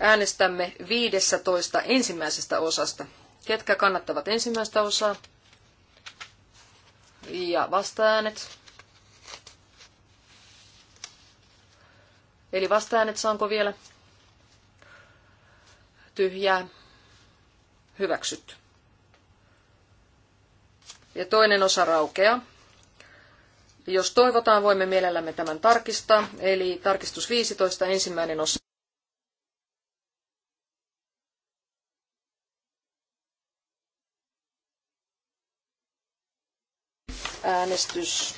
B: Äänestämme 15 ensimmäisestä osasta. Ketkä kannattavat ensimmäistä osaa? Ja vasta-äänet. Eli vastaajanet saanko vielä? Tyhjää. Hyväksytty. Ja toinen osa raukeaa. Jos toivotaan, voimme mielellämme tämän tarkistaa. Eli tarkistus 15, ensimmäinen osa. Äänestys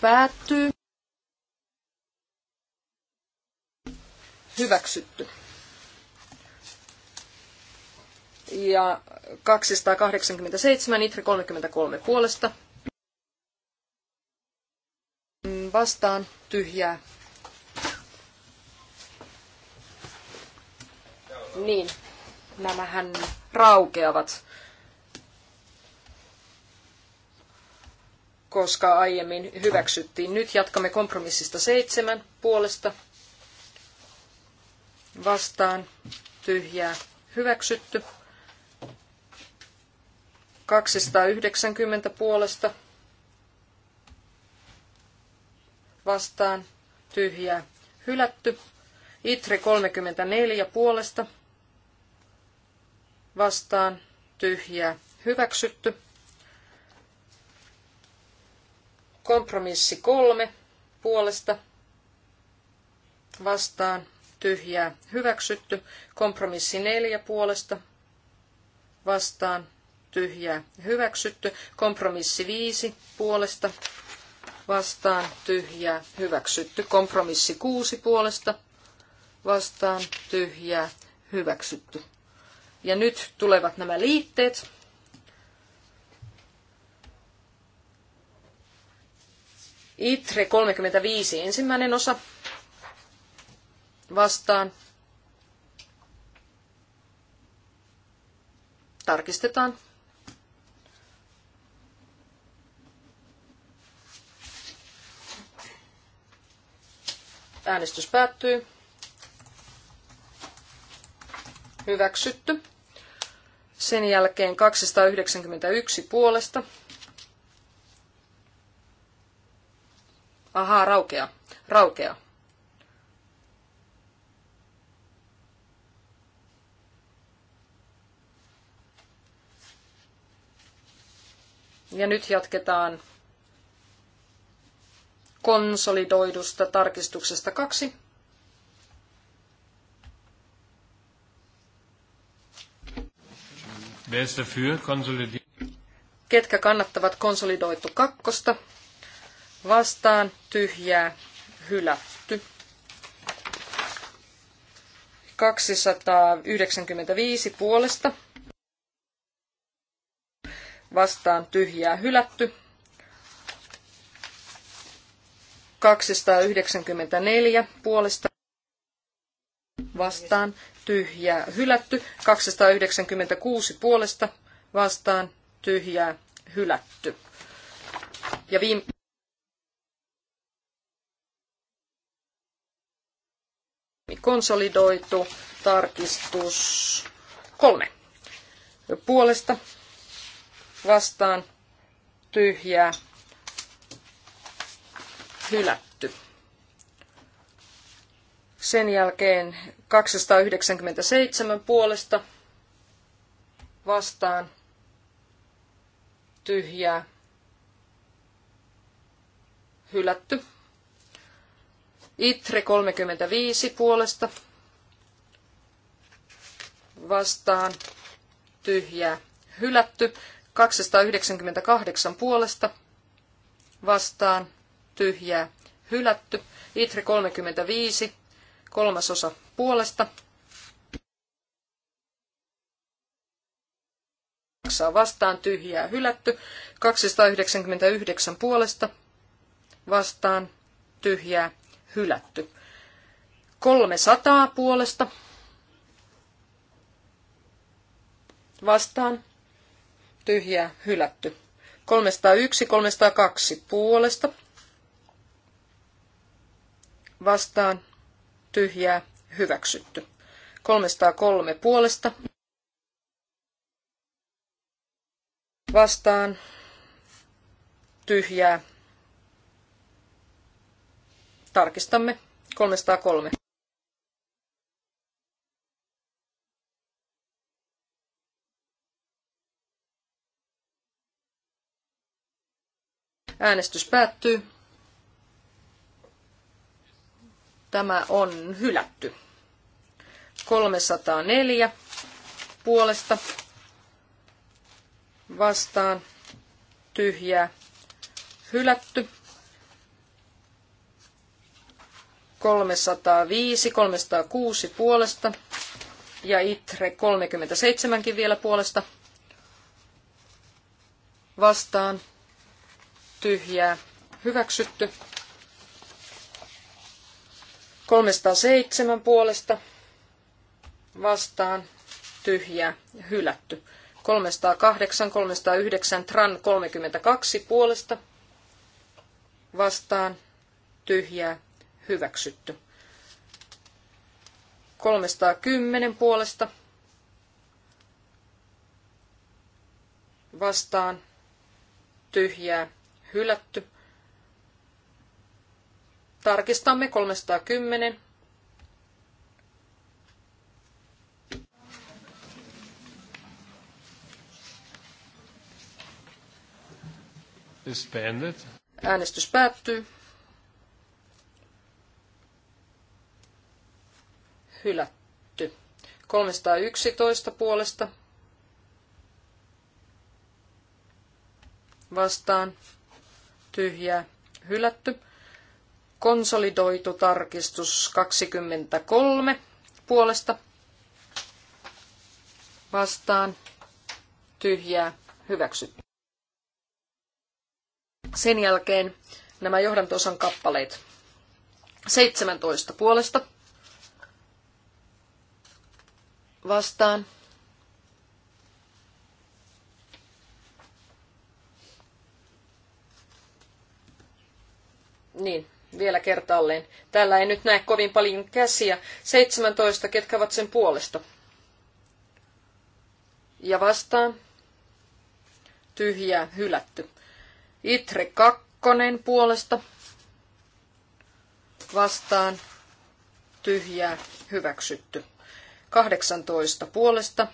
B: päättyy. hyväksytty. Ja 287, Nitri 33 puolesta. Vastaan tyhjää. Niin, nämähän raukeavat. koska aiemmin hyväksyttiin. Nyt jatkamme kompromissista seitsemän puolesta vastaan tyhjää hyväksytty. 290 puolesta vastaan tyhjää hylätty. Itre 34 puolesta vastaan tyhjää hyväksytty. Kompromissi kolme puolesta vastaan tyhjää hyväksytty. Kompromissi neljä puolesta vastaan tyhjää hyväksytty. Kompromissi viisi puolesta vastaan tyhjää hyväksytty. Kompromissi kuusi puolesta vastaan tyhjää hyväksytty. Ja nyt tulevat nämä liitteet. ITRE 35 ensimmäinen osa vastaan. Tarkistetaan. Äänestys päättyy. Hyväksytty. Sen jälkeen 291 puolesta. Ahaa, raukea. Raukea. Ja nyt jatketaan konsolidoidusta tarkistuksesta kaksi. Ketkä kannattavat konsolidoitu kakkosta? Vastaan tyhjää hylätty. 295 puolesta vastaan tyhjää hylätty. 294 puolesta vastaan tyhjää hylätty. 296 puolesta vastaan tyhjää hylätty. Ja viime... konsolidoitu tarkistus kolme. Puolesta vastaan tyhjää hylätty. Sen jälkeen 297 puolesta vastaan tyhjää hylätty. Itre 35 puolesta vastaan tyhjää hylätty. 298 puolesta vastaan tyhjää hylätty. Itre 35 kolmasosa puolesta. Saksaa vastaan tyhjää hylätty. 299 puolesta vastaan tyhjää hylätty. 300 puolesta vastaan tyhjää, hylätty. 301, 302 puolesta. Vastaan, tyhjää, hyväksytty. 303 puolesta. Vastaan, tyhjää. Tarkistamme. 303. Äänestys päättyy. Tämä on hylätty. 304 puolesta vastaan tyhjää hylätty. 305, 306 puolesta ja ITRE 37 vielä puolesta vastaan tyhjää hyväksytty. 307 puolesta vastaan tyhjää hylätty. 308, 309, tran 32 puolesta vastaan tyhjää hyväksytty. 310 puolesta vastaan tyhjää hylätty. Tarkistamme 310.
A: Suspended.
B: Äänestys päättyy. Hylätty. 311 puolesta vastaan tyhjä, hylätty. Konsolidoitu tarkistus 23 puolesta vastaan tyhjää hyväksytty. Sen jälkeen nämä johdantosan kappaleet. 17 puolesta vastaan Niin, vielä kertaalleen. Täällä ei nyt näe kovin paljon käsiä. 17, ketkä ovat sen puolesta? Ja vastaan. Tyhjää, hylätty. Itre kakkonen puolesta. Vastaan. Tyhjää, hyväksytty. 18 puolesta.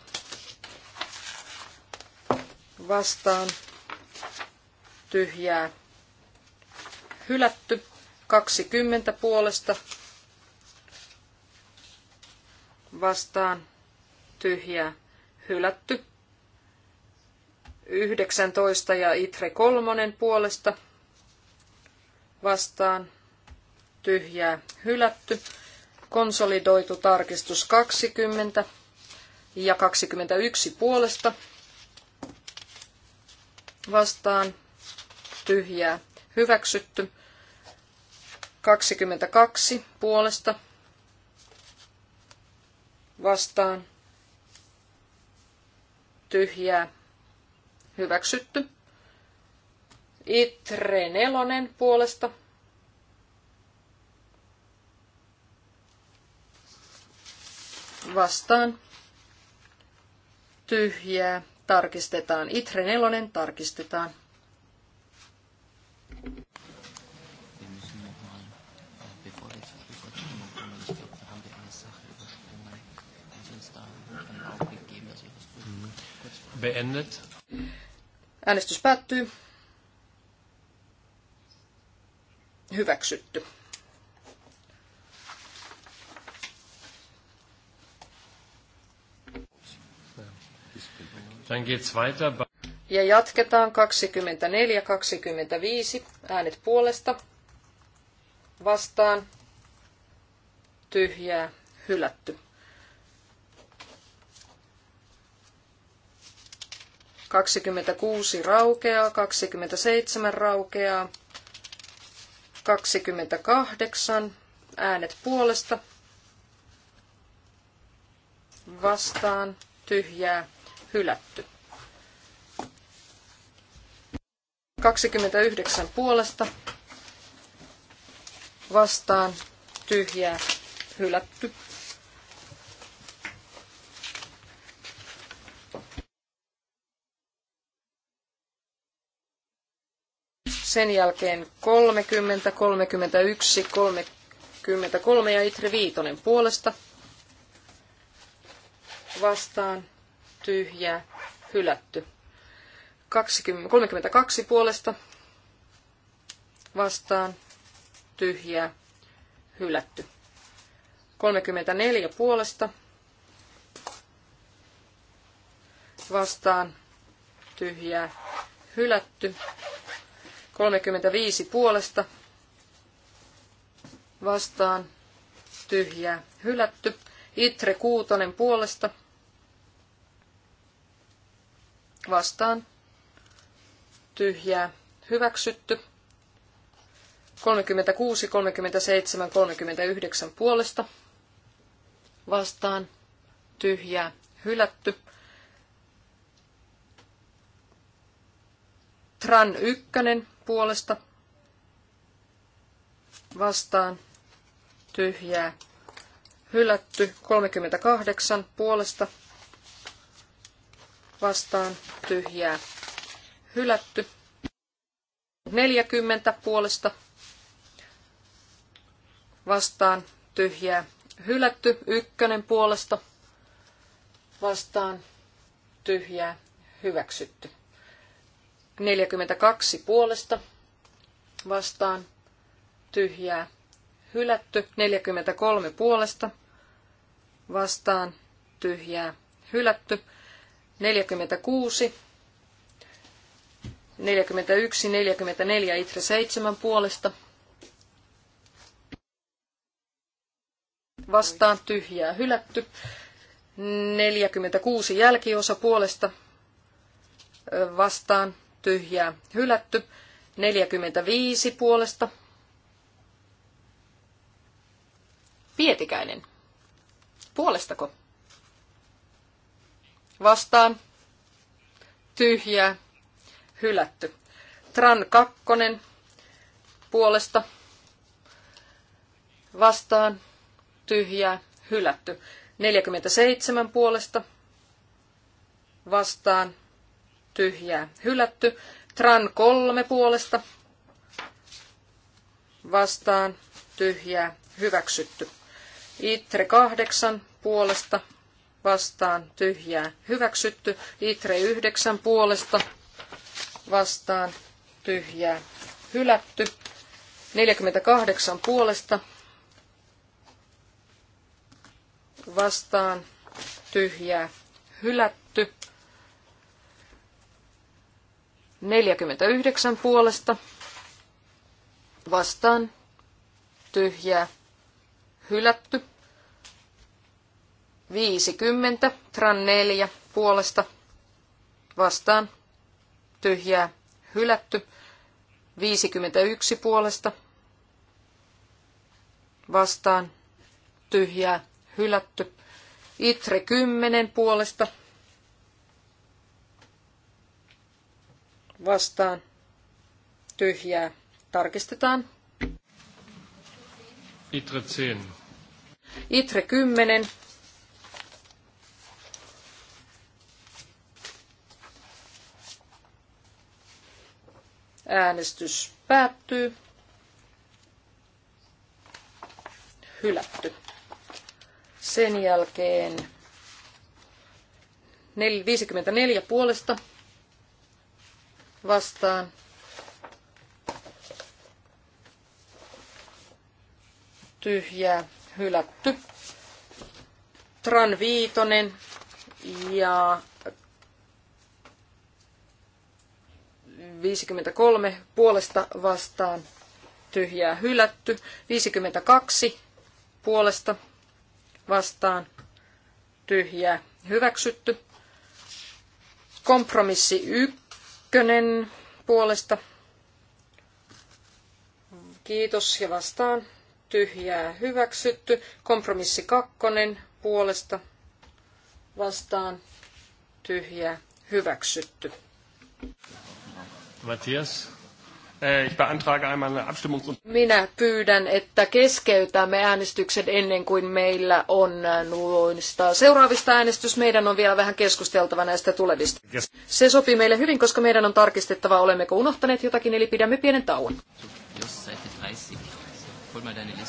B: Vastaan. Tyhjää, hylätty. 20 puolesta vastaan tyhjää hylätty. 19 ja Itre kolmonen puolesta vastaan tyhjää hylätty. Konsolidoitu tarkistus 20 ja 21 puolesta vastaan tyhjää hyväksytty. 22 puolesta vastaan tyhjää hyväksytty. Itre nelonen puolesta vastaan tyhjää tarkistetaan. Itre nelonen tarkistetaan. beendet. Äänestys päättyy.
E: Hyväksytty.
A: Dann geht's weiter.
B: Ja jatketaan 24-25. Äänet puolesta. Vastaan. Tyhjää. Hylätty. 26 raukeaa, 27 raukeaa, 28 äänet puolesta, vastaan, tyhjää, hylätty. 29 puolesta, vastaan, tyhjää, hylätty. Sen jälkeen 30, 31, 33 ja Itre Viitonen puolesta vastaan tyhjä hylätty. 20, 32 puolesta vastaan tyhjä hylätty. 34 puolesta vastaan tyhjä hylätty. 35 puolesta vastaan tyhjää hylätty. Itre kuutonen puolesta vastaan tyhjää hyväksytty. 36, 37, 39 puolesta vastaan tyhjää hylätty. Tran ykkönen puolesta vastaan tyhjää hylätty 38 puolesta vastaan tyhjää hylätty 40 puolesta vastaan tyhjää hylätty ykkönen puolesta vastaan tyhjää hyväksytty. 42 puolesta vastaan tyhjää hylätty. 43 puolesta vastaan tyhjää hylätty. 46 41, 44, itse 7 puolesta. Vastaan tyhjää hylätty. 46 jälkiosa puolesta. Vastaan tyhjää hylätty. 45 puolesta. Pietikäinen. Puolestako? Vastaan. Tyhjää. Hylätty. Tran kakkonen puolesta. Vastaan. Tyhjää. Hylätty. 47 puolesta. Vastaan tyhjää hylätty. Tran kolme puolesta vastaan tyhjää hyväksytty. Itre kahdeksan puolesta vastaan tyhjää hyväksytty. Itre yhdeksän puolesta vastaan tyhjää hylätty. 48 puolesta vastaan tyhjää hylätty. 49 puolesta vastaan tyhjää hylätty. 50 tran 4 puolesta vastaan tyhjää hylätty. 51 puolesta vastaan tyhjää hylätty. Itre 10 puolesta vastaan tyhjää. Tarkistetaan.
A: Itre 10.
B: Itre 10. Äänestys päättyy. Hylätty. Sen jälkeen 54 puolesta vastaan. Tyhjää hylätty. Tran viitonen ja 53 puolesta vastaan tyhjää hylätty. 52 puolesta vastaan tyhjää hyväksytty. Kompromissi 1 Ykkönen puolesta. Kiitos ja vastaan. Tyhjää hyväksytty. Kompromissi kakkonen puolesta. Vastaan. Tyhjää hyväksytty.
A: Matthias. Äh,
B: Minä pyydän, että keskeytämme äänestyksen ennen kuin meillä on äh, nuoista seuraavista äänestys. Meidän on vielä vähän keskusteltava näistä tulevista. Se sopii meille hyvin, koska meidän on tarkistettava, olemmeko unohtaneet jotakin, eli pidämme pienen tauon.
E: Jos 30,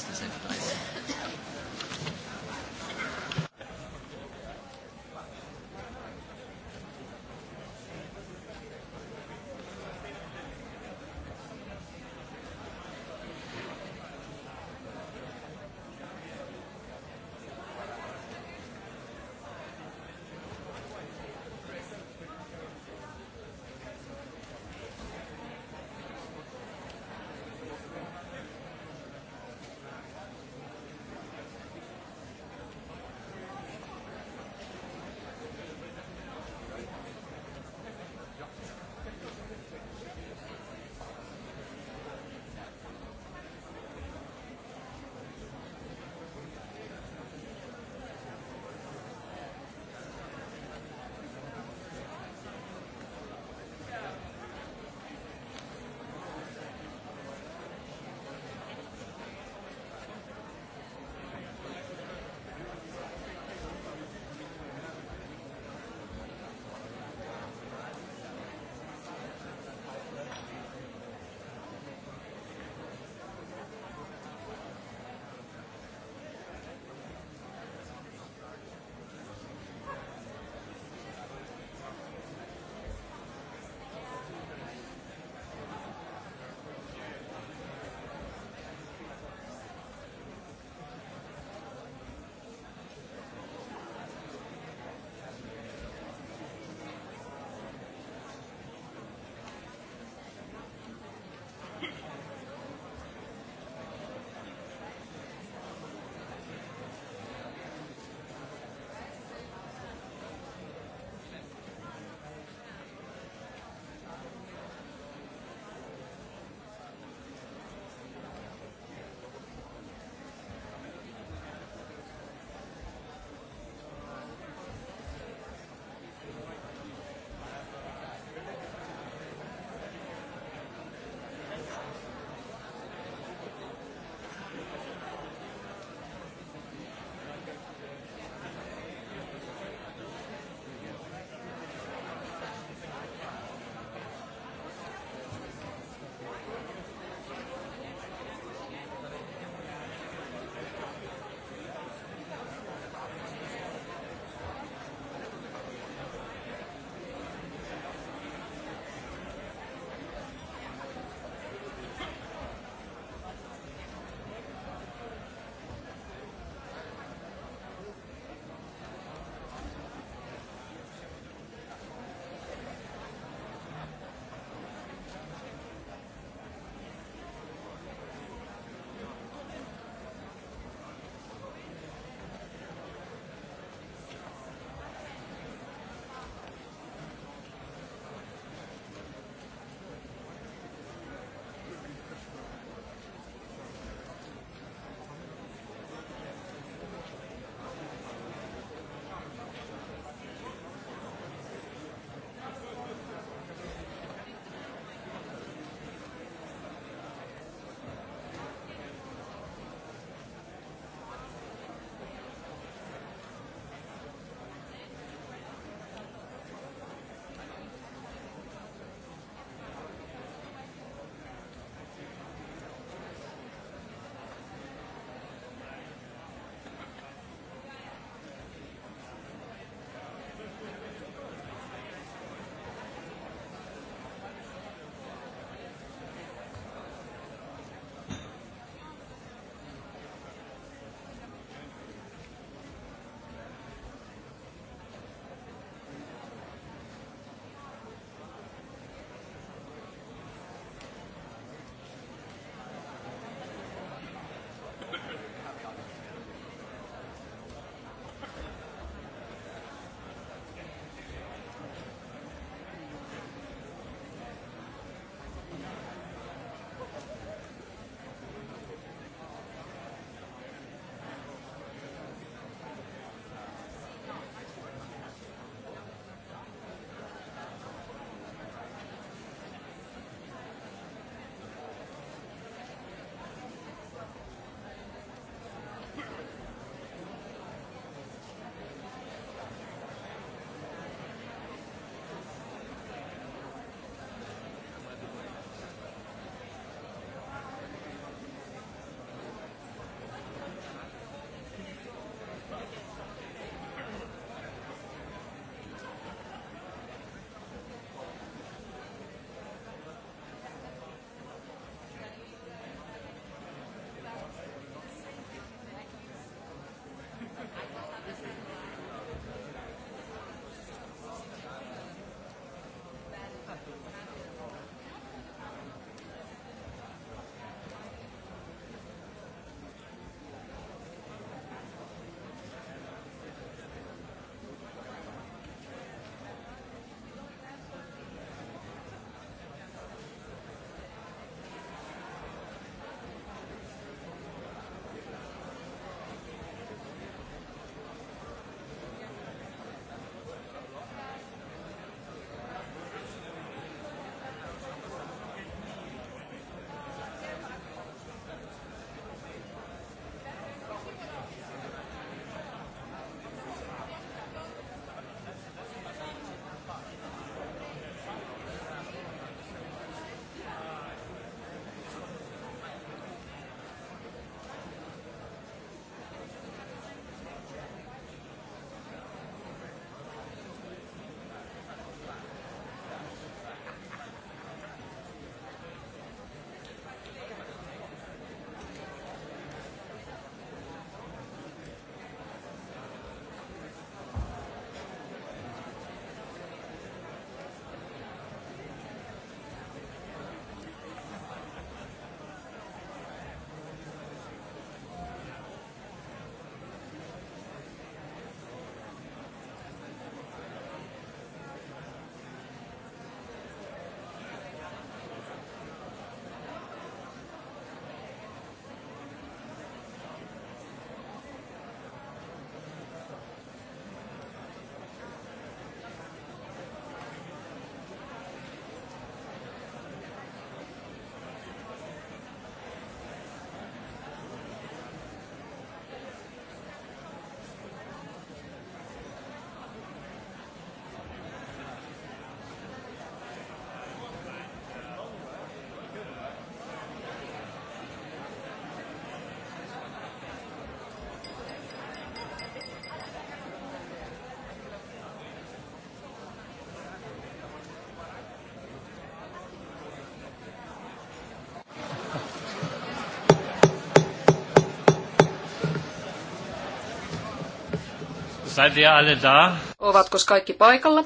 A: Seid ihr alle da?
B: Ovatko kaikki paikalla?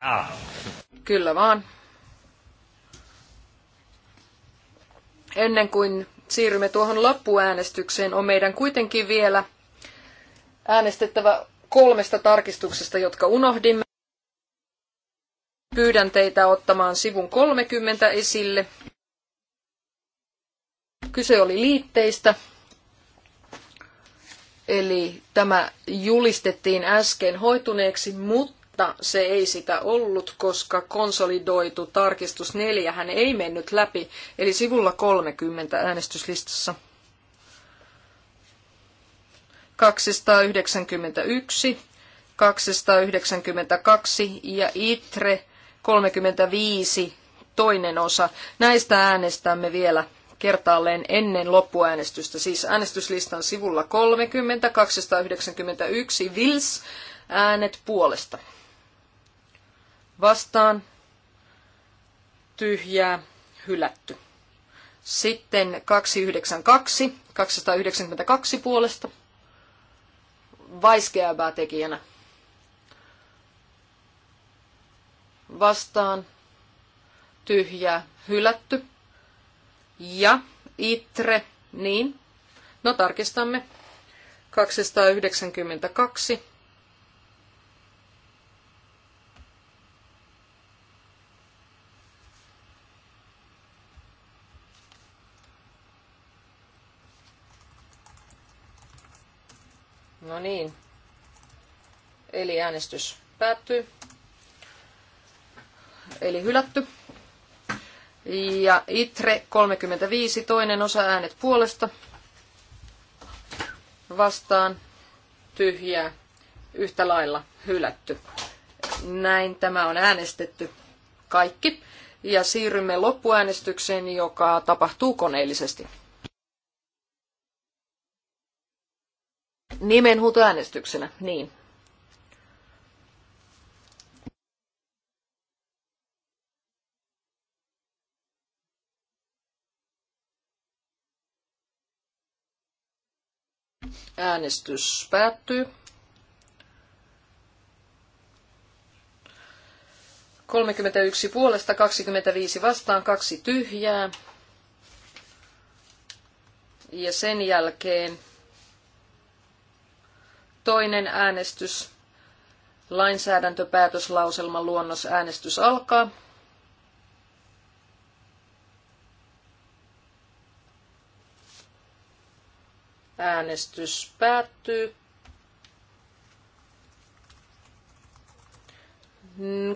B: Ah. Kyllä vaan. Ennen kuin siirrymme tuohon loppuäänestykseen, on meidän kuitenkin vielä äänestettävä kolmesta tarkistuksesta, jotka unohdimme. Pyydän teitä ottamaan sivun 30 esille. Kyse oli liitteistä, Eli tämä julistettiin äsken hoituneeksi, mutta se ei sitä ollut, koska konsolidoitu tarkistus 4 hän ei mennyt läpi, eli sivulla 30 äänestyslistassa. 291, 292 ja ITRE 35 toinen osa. Näistä äänestämme vielä kertaalleen ennen loppuäänestystä. Siis äänestyslistan sivulla 30, 291, Vils, äänet puolesta. Vastaan, tyhjää, hylätty. Sitten 292, 292 puolesta, vaiskeävää tekijänä. Vastaan, tyhjää, hylätty ja itre, niin, no tarkistamme, 292. No niin. Eli äänestys päättyy. Eli hylätty. Ja ITRE 35, toinen osa äänet puolesta. Vastaan tyhjää. Yhtä lailla hylätty. Näin tämä on äänestetty kaikki. Ja siirrymme loppuäänestykseen, joka tapahtuu koneellisesti. Nimenhuutoäänestyksenä, niin. Äänestys päättyy. 31 puolesta, 25 vastaan, kaksi tyhjää. Ja sen jälkeen toinen äänestys, lainsäädäntöpäätöslauselman luonnos, äänestys alkaa. Äänestys päättyy.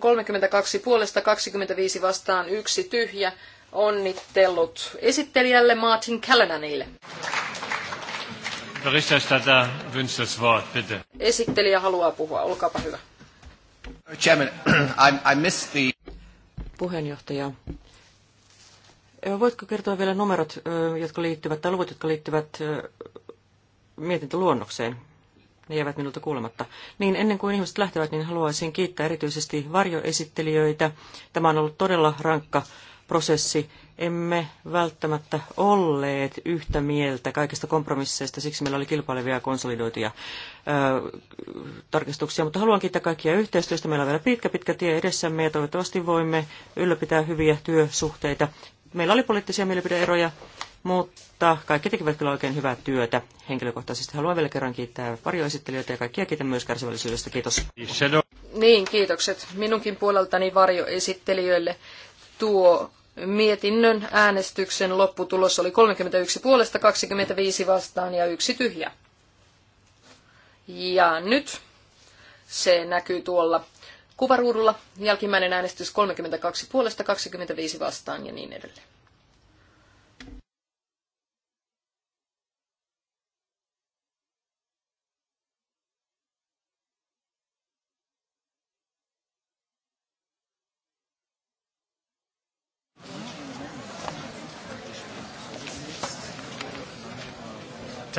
B: 32 puolesta, 25 vastaan, yksi tyhjä. Onnittelut esittelijälle Martin Callananille. Esittelijä haluaa puhua, olkaapa hyvä.
D: Chairman, I, I
C: the... Puheenjohtaja, voitko kertoa vielä numerot, jotka liittyvät, tai luvut, jotka liittyvät mietintöluonnokseen. Ne jäävät minulta kuulematta. Niin ennen kuin ihmiset lähtevät, niin haluaisin kiittää erityisesti varjoesittelijöitä. Tämä on ollut todella rankka prosessi. Emme välttämättä olleet yhtä mieltä kaikista kompromisseista, siksi meillä oli kilpailevia konsolidoituja ö, tarkistuksia. Mutta haluan kiittää kaikkia yhteistyöstä. Meillä on vielä pitkä, pitkä tie edessämme ja toivottavasti voimme ylläpitää hyviä työsuhteita. Meillä oli poliittisia mielipideeroja mutta kaikki tekivät kyllä oikein hyvää työtä. Henkilökohtaisesti haluan vielä kerran kiittää varjoesittelijöitä ja kaikkia kiitän myös kärsivällisyydestä. Kiitos.
B: Niin, kiitokset minunkin puoleltani varjoesittelijöille. Tuo mietinnön äänestyksen lopputulos oli 31 puolesta, 25 vastaan ja yksi tyhjä. Ja nyt se näkyy tuolla kuvaruudulla. Jälkimmäinen äänestys 32 puolesta, 25 vastaan ja niin edelleen.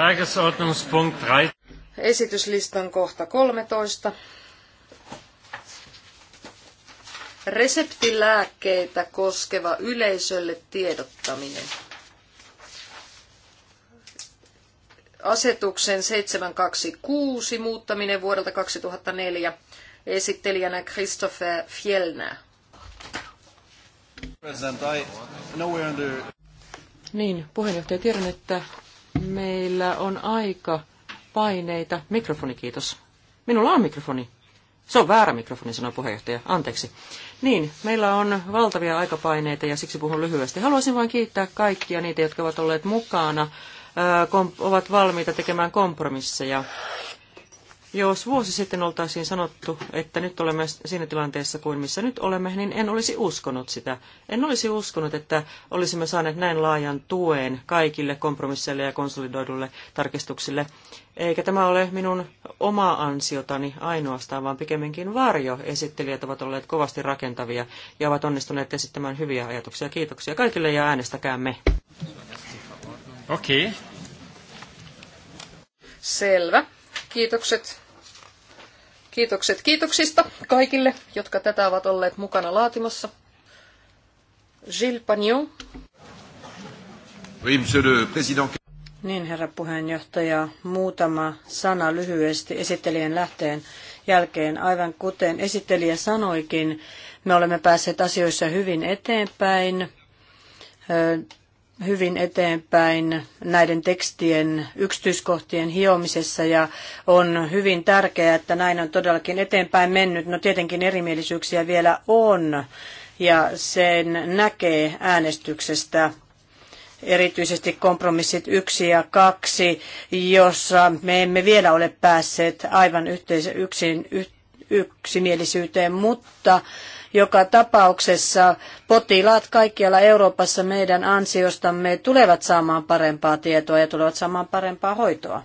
A: Tagesordnungspunkt 3.
B: Esityslistan kohta 13. Reseptilääkkeitä koskeva yleisölle tiedottaminen. Asetuksen 726 muuttaminen vuodelta 2004 esittelijänä Christopher Fjellner.
C: President, I know we're under... Niin, puheenjohtaja, tiedän, että Meillä on aika paineita. Mikrofoni, kiitos. Minulla on mikrofoni. Se on väärä mikrofoni, sanoi puheenjohtaja. Anteeksi. Niin, meillä on valtavia aikapaineita ja siksi puhun lyhyesti. Haluaisin vain kiittää kaikkia niitä, jotka ovat olleet mukana, ovat valmiita tekemään kompromisseja jos vuosi sitten oltaisiin sanottu, että nyt olemme siinä tilanteessa kuin missä nyt olemme, niin en olisi uskonut sitä. En olisi uskonut, että olisimme saaneet näin laajan tuen kaikille kompromisseille ja konsolidoidulle tarkistuksille. Eikä tämä ole minun oma ansiotani ainoastaan, vaan pikemminkin varjo. Esittelijät ovat olleet kovasti rakentavia ja ovat onnistuneet esittämään hyviä ajatuksia. Kiitoksia kaikille ja äänestäkäämme. Okei. Okay.
B: Selvä. Kiitokset. Kiitokset kiitoksista kaikille, jotka tätä ovat olleet mukana laatimassa. Gilles
D: Pagnon. Oui, monsieur le président. Niin, herra puheenjohtaja, muutama sana lyhyesti esittelijän lähteen jälkeen. Aivan kuten esittelijä sanoikin, me olemme päässeet asioissa hyvin eteenpäin hyvin eteenpäin näiden tekstien yksityiskohtien hiomisessa ja on hyvin tärkeää, että näin on todellakin eteenpäin mennyt. No tietenkin erimielisyyksiä vielä on ja sen näkee äänestyksestä erityisesti kompromissit yksi ja kaksi, jossa me emme vielä ole päässeet aivan yhteis- yksin, y- yksimielisyyteen, mutta joka tapauksessa potilaat kaikkialla Euroopassa meidän ansiostamme tulevat saamaan parempaa tietoa ja tulevat saamaan parempaa hoitoa.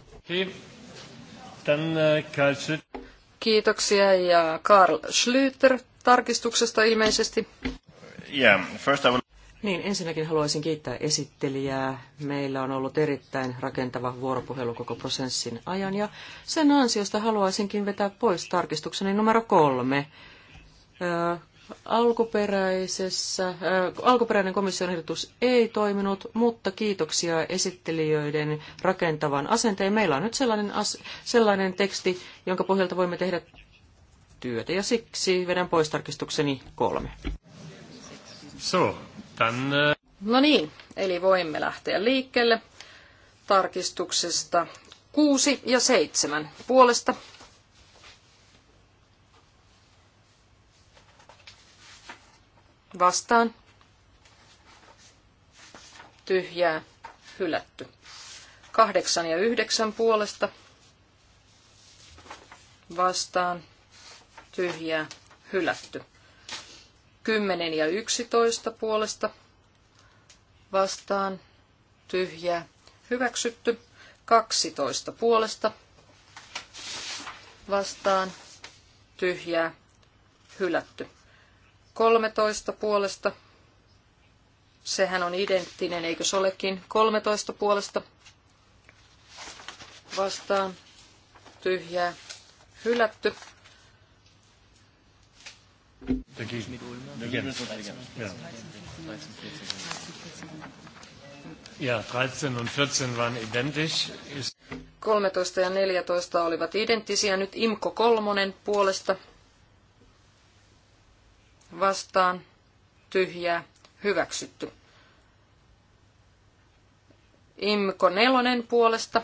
B: Äh, Kiitoksia ja Karl Schlüter tarkistuksesta ilmeisesti.
A: Yeah,
C: first I will... Niin, ensinnäkin haluaisin kiittää esittelijää. Meillä on ollut erittäin rakentava vuoropuhelu koko prosessin ajan ja sen ansiosta haluaisinkin vetää pois tarkistukseni numero kolme. Alkuperäisessä, äh, alkuperäinen komission ehdotus ei toiminut, mutta kiitoksia esittelijöiden rakentavan asenteen. Meillä on nyt sellainen, as, sellainen teksti, jonka pohjalta voimme tehdä työtä, ja siksi vedän pois tarkistukseni kolme. So, then, äh,
B: No niin, eli voimme lähteä liikkeelle tarkistuksesta kuusi ja seitsemän puolesta vastaan tyhjää hylätty. Kahdeksan ja yhdeksän puolesta vastaan tyhjää hylätty. Kymmenen ja yksitoista puolesta vastaan tyhjää hyväksytty. Kaksitoista puolesta vastaan tyhjää hylätty. 13 puolesta. Sehän on identtinen, eikö se olekin? 13 puolesta vastaan tyhjää hylätty.
A: Ja 13 und 14 waren identisch.
B: 13 ja 14 olivat identtisiä. Nyt Imko kolmonen puolesta vastaan tyhjää hyväksytty. Imko nelonen puolesta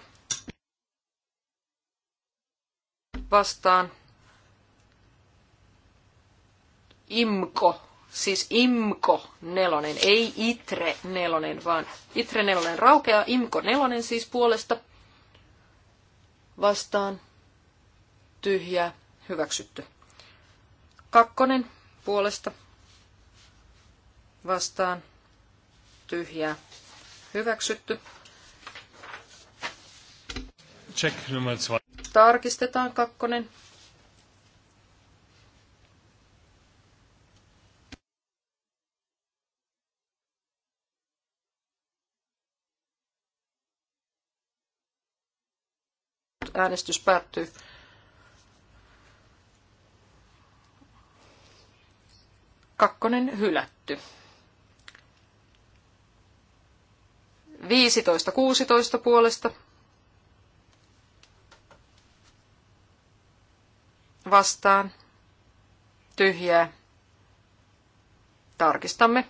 B: vastaan Imko, siis Imko nelonen, ei Itre nelonen, vaan Itre nelonen raukeaa, Imko nelonen siis puolesta vastaan tyhjää hyväksytty. Kakkonen puolesta vastaan tyhjää hyväksytty. Check Tarkistetaan kakkonen. Äänestys päättyy. Kakkonen hylätty. 15-16 puolesta. Vastaan. Tyhjää. Tarkistamme.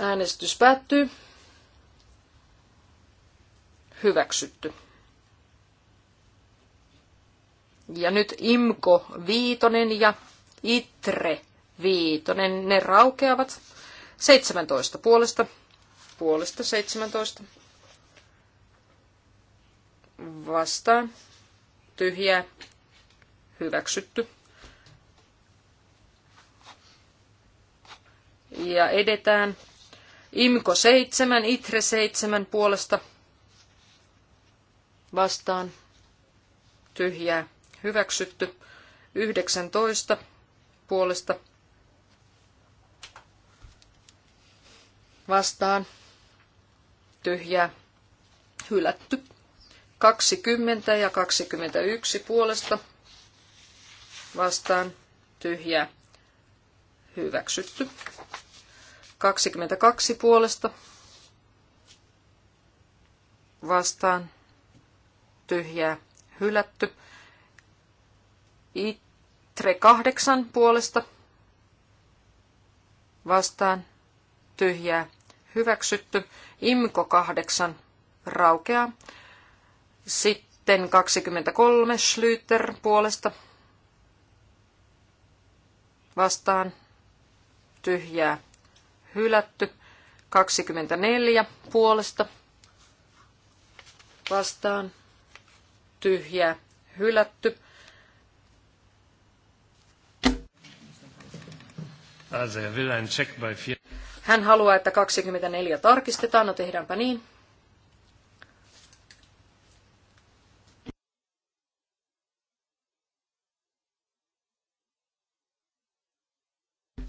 B: Äänestys päättyy. Hyväksytty. Ja nyt Imko Viitonen ja Itre Viitonen, ne raukeavat. 17 puolesta. Puolesta 17. Vastaan. Tyhjää. Hyväksytty. Ja edetään Imko 7, Itre 7 puolesta vastaan. Tyhjää. Hyväksytty. 19 puolesta vastaan. Tyhjää. Hylätty. 20 ja 21 puolesta vastaan. Tyhjää. Hyväksytty. 22 puolesta vastaan tyhjää hylätty. Itre 8 puolesta vastaan tyhjää hyväksytty. Imko 8 raukeaa. Sitten 23 Schlüter puolesta vastaan tyhjää hylätty. 24 puolesta vastaan tyhjää hylätty.
A: Er
B: Hän haluaa, että 24 tarkistetaan. No tehdäänpä niin.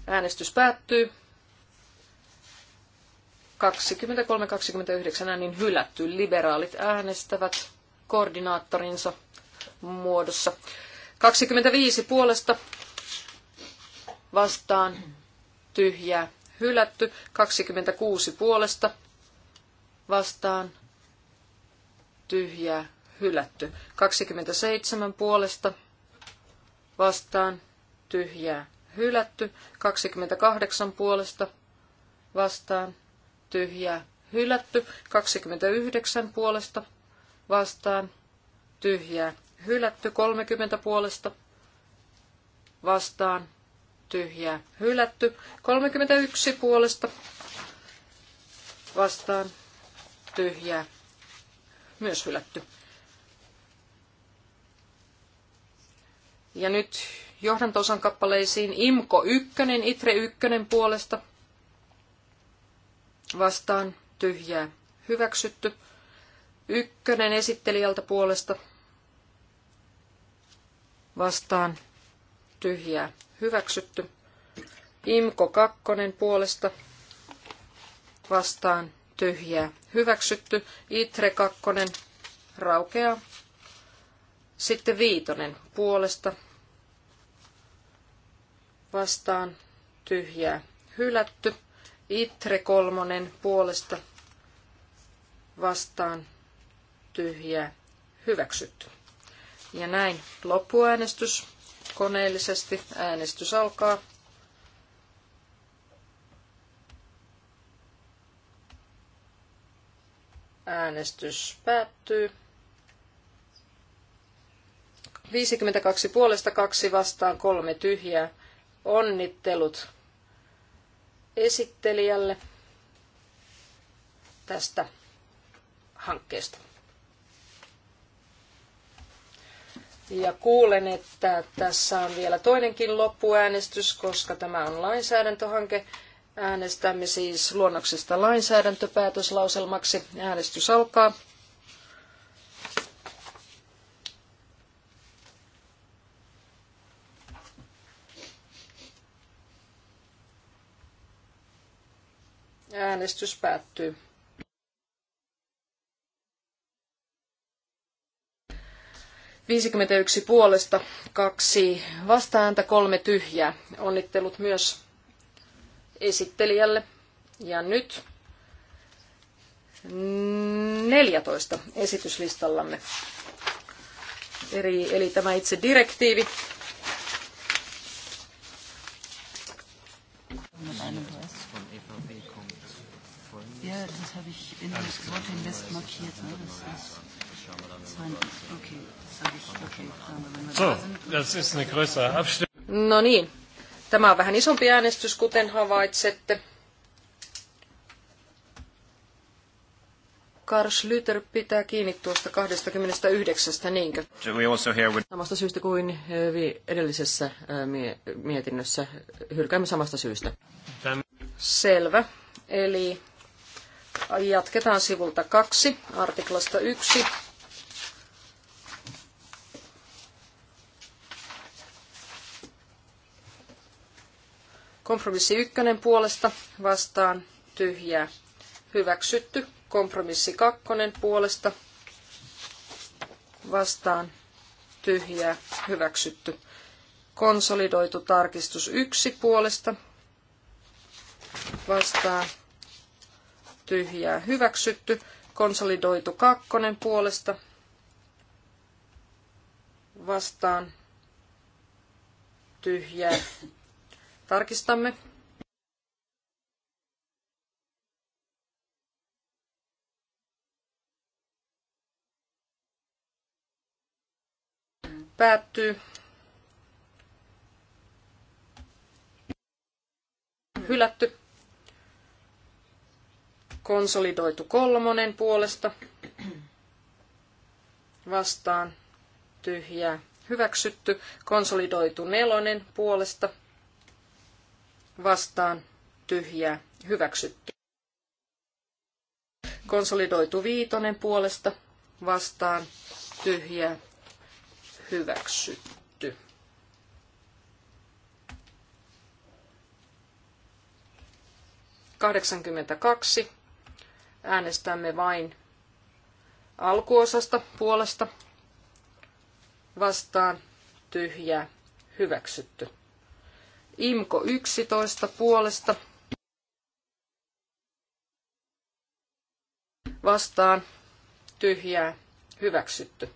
B: Äänestys päättyy. 23-29 äänin hylätty. Liberaalit äänestävät koordinaattorinsa muodossa. 25 puolesta vastaan tyhjää hylätty. 26 puolesta vastaan tyhjää hylätty. 27 puolesta vastaan tyhjää hylätty. 28 puolesta vastaan tyhjää hylätty. 29 puolesta vastaan tyhjää hylätty. 30 puolesta vastaan tyhjää hylätty. 31 puolesta vastaan tyhjää myös hylätty. Ja nyt johdantosan kappaleisiin Imko 1, Itre 1 puolesta vastaan tyhjää hyväksytty. Ykkönen esittelijältä puolesta vastaan tyhjää hyväksytty. Imko kakkonen puolesta vastaan tyhjää hyväksytty. Itre kakkonen raukeaa. Sitten viitonen puolesta vastaan tyhjää hylätty. Itre kolmonen puolesta vastaan tyhjää hyväksytty. Ja näin loppuäänestys koneellisesti. Äänestys alkaa. Äänestys päättyy. 52 puolesta, kaksi vastaan, kolme tyhjää. Onnittelut esittelijälle tästä hankkeesta. Ja kuulen, että tässä on vielä toinenkin loppuäänestys, koska tämä on lainsäädäntöhanke. Äänestämme siis luonnoksesta lainsäädäntöpäätöslauselmaksi. Äänestys alkaa. Äänestys päättyy. Viisikymmentäyksi puolesta, kaksi vastaääntä, kolme tyhjää. Onnittelut myös esittelijälle. Ja nyt 14 esityslistallamme. eli tämä itse direktiivi,
C: habe ich in das Wort den Rest markiert. Ne? Das ist so,
A: das ist eine größere Abstimmung.
B: No niin. Tämä on vähän isompi äänestys, kuten havaitsette. Karl Schlüter
C: pitää kiinni tuosta 29. niinkö? Samasta syystä kuin eh, edellisessä eh, mietinnössä. Hylkäämme samasta syystä. Selvä. Eli Jatketaan sivulta kaksi
B: artiklasta yksi Kompromissi ykkönen puolesta vastaan tyhjää. Hyväksytty. Kompromissi kakkonen puolesta vastaan tyhjää. Hyväksytty. Konsolidoitu tarkistus yksi puolesta vastaan tyhjää hyväksytty. Konsolidoitu kakkonen puolesta vastaan tyhjää. Tarkistamme. Päättyy. Hylätty. Konsolidoitu kolmonen puolesta vastaan tyhjää hyväksytty. Konsolidoitu nelonen puolesta vastaan tyhjää hyväksytty. Konsolidoitu viitonen puolesta vastaan tyhjää hyväksytty. Kahdeksankymmentäkaksi Äänestämme vain alkuosasta puolesta vastaan tyhjää hyväksytty. Imko 11 puolesta vastaan tyhjää hyväksytty.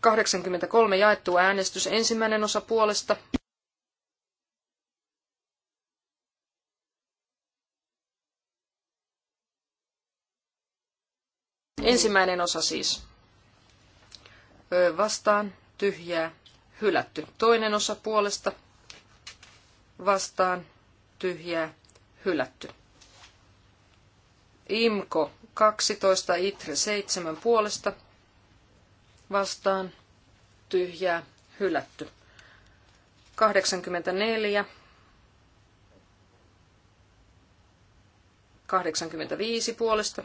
B: 83 jaettu äänestys ensimmäinen osa puolesta Ensimmäinen osa siis. Ö, vastaan, tyhjää, hylätty. Toinen osa puolesta, vastaan, tyhjää, hylätty. Imko 12, Itre 7 puolesta, vastaan, tyhjää, hylätty. 84, 85 puolesta,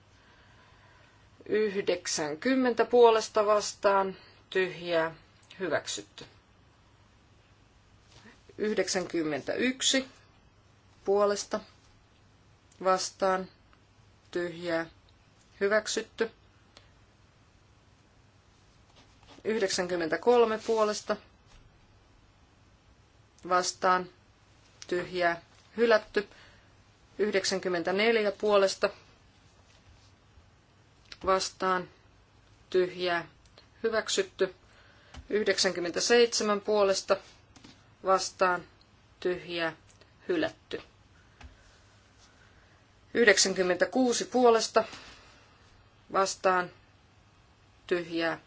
B: 90 puolesta vastaan, tyhjää, hyväksytty. 91 puolesta vastaan, tyhjää, hyväksytty. 93 puolesta vastaan, tyhjää, hylätty. 94 puolesta vastaan tyhjää hyväksytty. 97 puolesta vastaan tyhjää hylätty. 96 puolesta vastaan tyhjää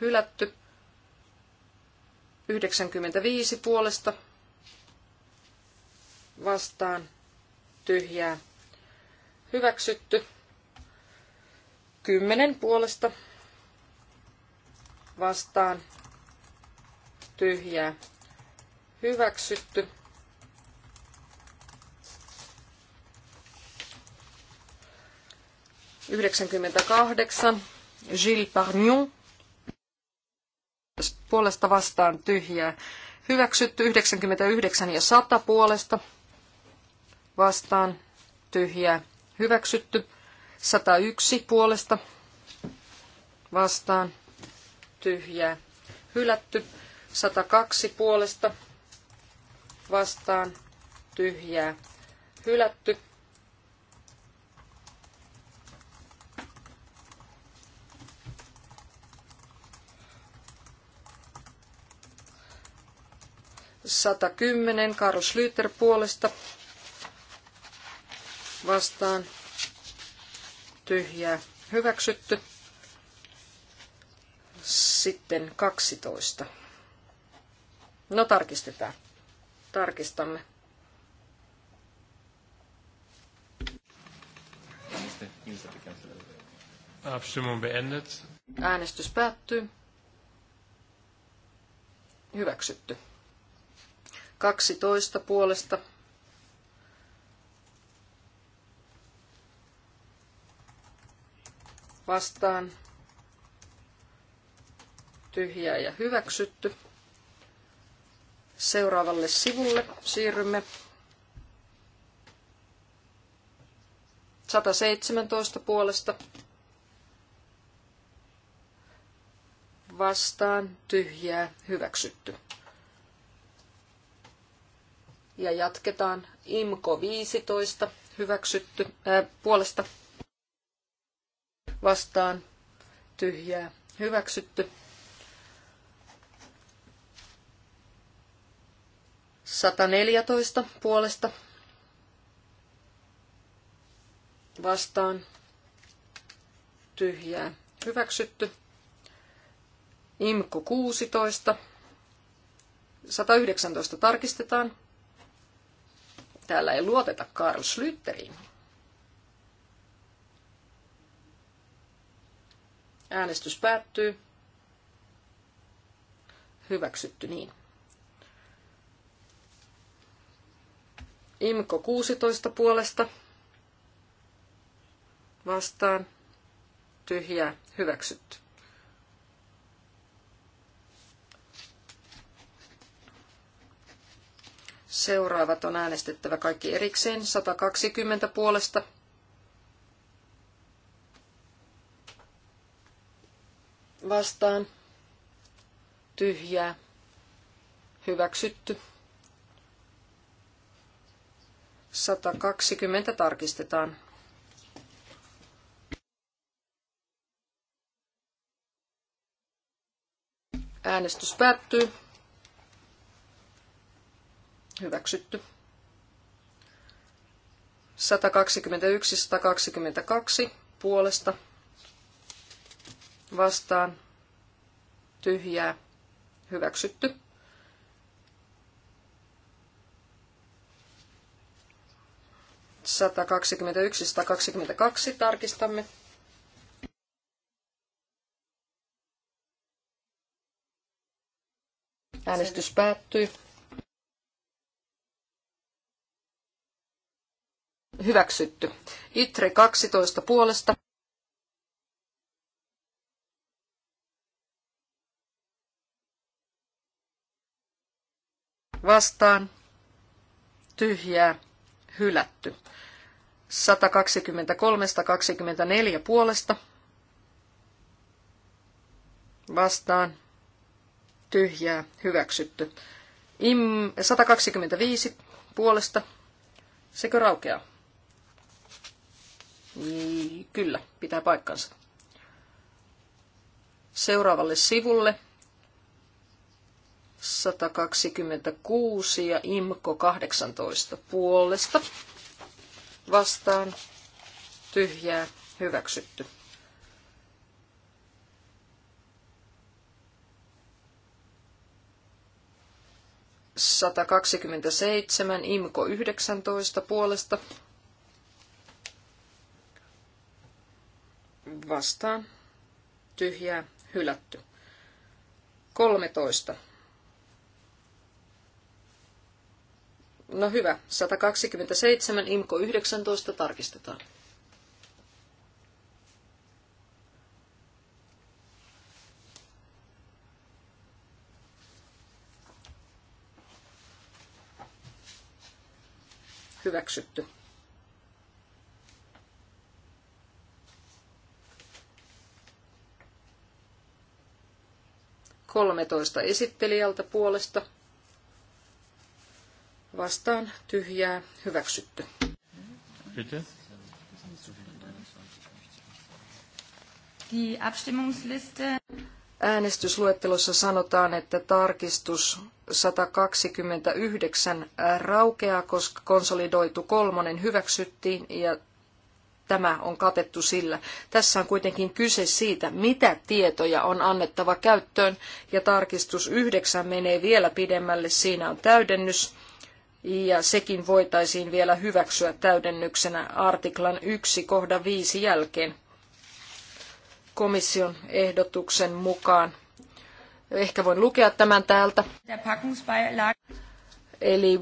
B: hylätty. 95 puolesta vastaan tyhjää hyväksytty. 10 puolesta vastaan tyhjää hyväksytty. Yhdeksänkymmentäkahdeksan. Gilles Parnion. Puolesta vastaan tyhjää. Hyväksytty 99 ja 100 puolesta vastaan tyhjää. Hyväksytty 101 puolesta vastaan tyhjää hylätty. 102 puolesta vastaan tyhjää hylätty. kymmenen Karl Schlüter puolesta vastaan tyhjää hyväksytty. Sitten 12. No tarkistetaan. Tarkistamme.
A: Abstimmung beendet. Äänestys
B: päättyy. Hyväksytty. 12 puolesta vastaan tyhjää ja hyväksytty. Seuraavalle sivulle siirrymme. 117 puolesta vastaan tyhjää hyväksytty. Ja jatketaan IMKO 15 hyväksytty, äh, puolesta vastaan tyhjää hyväksytty. 114 puolesta vastaan tyhjää hyväksytty. Imko 16. 119 tarkistetaan. Täällä ei luoteta Karl Slytteriin. Äänestys päättyy. Hyväksytty niin. Imko 16 puolesta. Vastaan. Tyhjää. Hyväksytty. Seuraavat on äänestettävä kaikki erikseen. 120 puolesta vastaan tyhjää hyväksytty. 120 tarkistetaan. Äänestys päättyy. Hyväksytty. 121-122 puolesta vastaan tyhjää hyväksytty. Sata kaksikymmentäyksi, tarkistamme. Äänestys päättyy. Hyväksytty. Itre 12 puolesta vastaan tyhjää hylätty. 123-124 puolesta vastaan tyhjää hyväksytty. Im, 125 puolesta. Sekö raukeaa? Kyllä, pitää paikkansa. Seuraavalle sivulle 126 ja IMKO 18 puolesta. Vastaan tyhjää hyväksytty. Satakaksikymmentäseitsemän IMKO yhdeksäntoista puolesta. Vastaan tyhjää hylätty. Kolmetoista No hyvä, 127, IMKO 19 tarkistetaan. Hyväksytty. Kolmetoista esittelijältä puolesta vastaan tyhjää hyväksytty.
A: Bitte.
D: Die Abstimmungsliste.
B: Äänestysluettelossa sanotaan, että tarkistus 129 raukeaa, koska konsolidoitu kolmonen hyväksyttiin ja tämä on katettu sillä. Tässä on kuitenkin kyse siitä, mitä tietoja on annettava käyttöön, ja tarkistus 9 menee vielä pidemmälle. Siinä on täydennys ja sekin voitaisiin vielä hyväksyä täydennyksenä artiklan 1 kohdan 5 jälkeen komission ehdotuksen mukaan. Ehkä voin lukea tämän täältä. Eli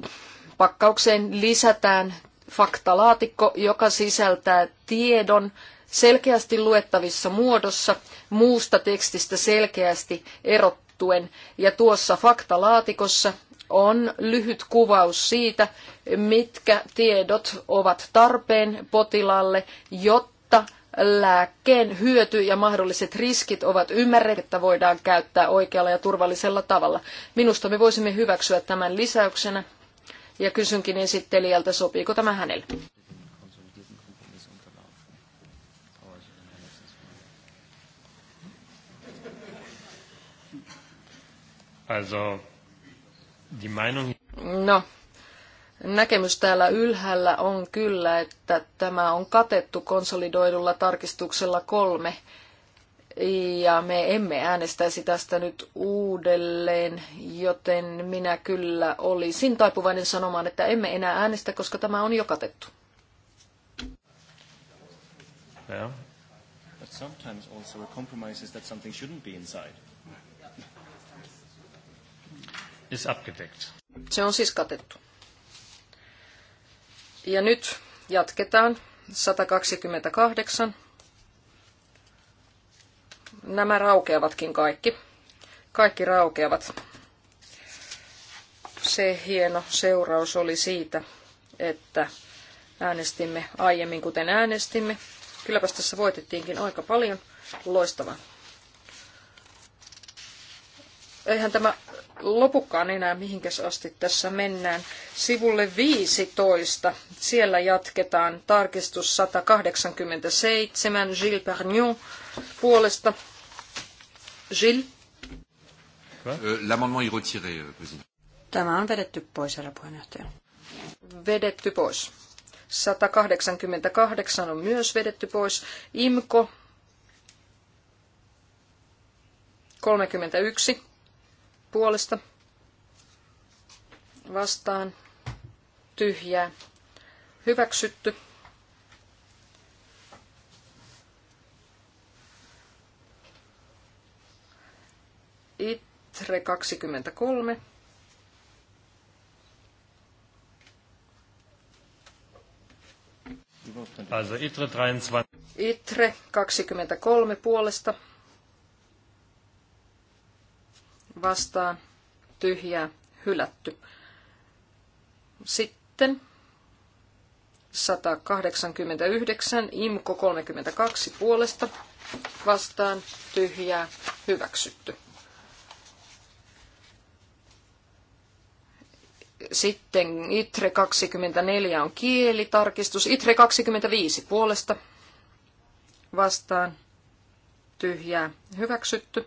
B: pakkaukseen lisätään faktalaatikko, joka sisältää tiedon selkeästi luettavissa muodossa muusta tekstistä selkeästi erottuen. Ja tuossa faktalaatikossa on lyhyt kuvaus siitä, mitkä tiedot ovat tarpeen potilaalle, jotta lääkkeen hyöty ja mahdolliset riskit ovat ymmärretty, että voidaan käyttää oikealla ja turvallisella tavalla. Minusta me voisimme hyväksyä tämän lisäyksenä ja kysynkin esittelijältä, sopiiko tämä hänelle. Also No, näkemys täällä ylhäällä on kyllä, että tämä on katettu konsolidoidulla tarkistuksella kolme. Ja me emme äänestäisi tästä nyt uudelleen, joten minä kyllä olisin taipuvainen sanomaan, että emme enää äänestä, koska tämä on jo katettu.
A: Yeah. But sometimes also a compromise is that something shouldn't be inside abgedeckt.
B: Se on siis katettu. Ja nyt jatketaan. 128. Nämä raukeavatkin kaikki. Kaikki raukeavat. Se hieno seuraus oli siitä, että äänestimme aiemmin kuten äänestimme. Kylläpäs tässä voitettiinkin aika paljon. Loistavaa eihän tämä lopukaan enää mihinkäs asti tässä mennään. Sivulle 15, siellä jatketaan tarkistus 187,
D: Gilles Pernion puolesta. Gilles? Euh, l'amendement est retiré, euh, président. Tämä on vedetty pois, herra puheenjohtaja.
B: Vedetty pois. 188 on myös vedetty pois. IMKO 31 puolesta vastaan tyhjää hyväksytty. Itre 23.
A: Also Itre 23.
B: Itre 23 puolesta vastaan tyhjää hylätty. Sitten 189, IMKO 32 puolesta vastaan tyhjää hyväksytty. Sitten ITRE 24 on kielitarkistus. ITRE 25 puolesta vastaan tyhjää hyväksytty.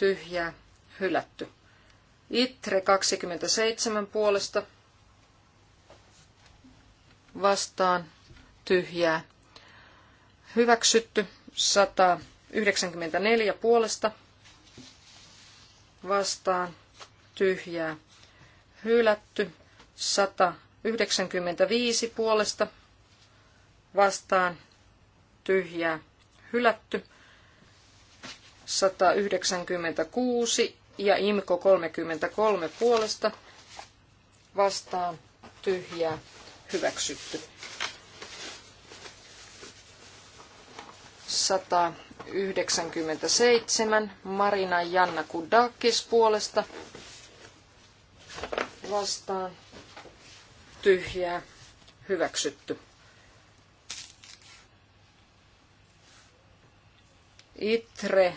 B: tyhjää, hylätty. Itre 27 puolesta vastaan tyhjää. Hyväksytty 194 puolesta vastaan tyhjää. Hylätty 195 puolesta vastaan tyhjää. Hylätty 196 ja IMKO 33 puolesta vastaan tyhjää hyväksytty. 197 Marina Janna Kudakis puolesta vastaan tyhjää hyväksytty. Itre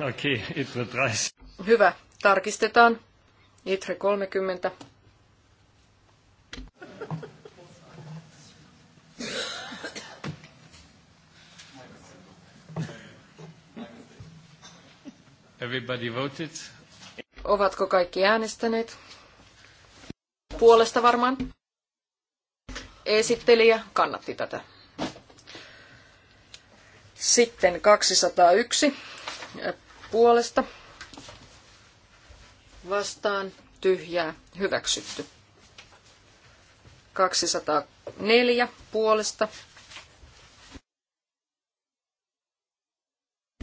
A: Okei, okay, Itre 30.
B: Hyvä, tarkistetaan. Itre 30.
A: Everybody voted.
B: Ovatko kaikki äänestäneet? Puolesta varmaan. Esittelijä kannatti tätä. Sitten 201 puolesta vastaan tyhjää hyväksytty. 204 puolesta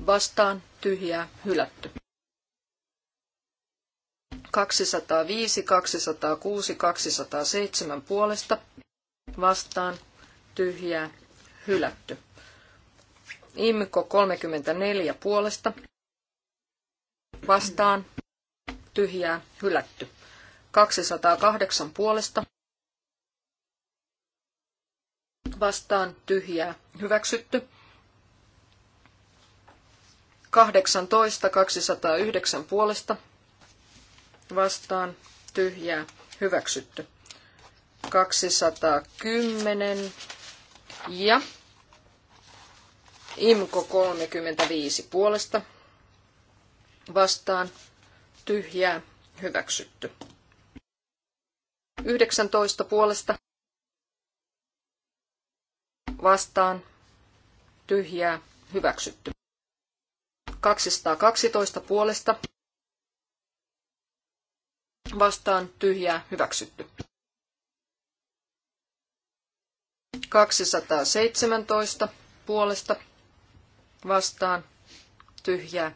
B: vastaan tyhjää hylätty. 205, 206, 207 puolesta vastaan tyhjää hylätty. Immiko 34 puolesta vastaan, tyhjää, hylätty. 208 puolesta, vastaan, tyhjää, hyväksytty. 18, 209 puolesta, vastaan, tyhjää, hyväksytty. 210 ja Imko 35 puolesta vastaan tyhjää hyväksytty. 19 puolesta vastaan tyhjää hyväksytty. 212 puolesta vastaan tyhjää hyväksytty. 217 puolesta vastaan tyhjää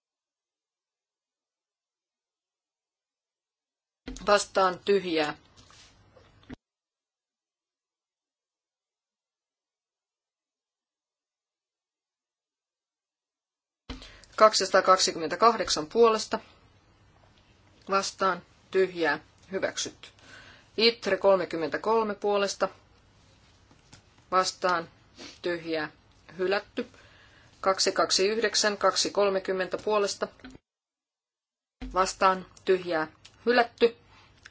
B: vastaan tyhjää. Kaksisataakaksikymmentäkahdeksan puolesta vastaan tyhjää hyväksytty. Itre 33 puolesta vastaan tyhjää hylätty. 229, 230 puolesta vastaan tyhjää hylätty.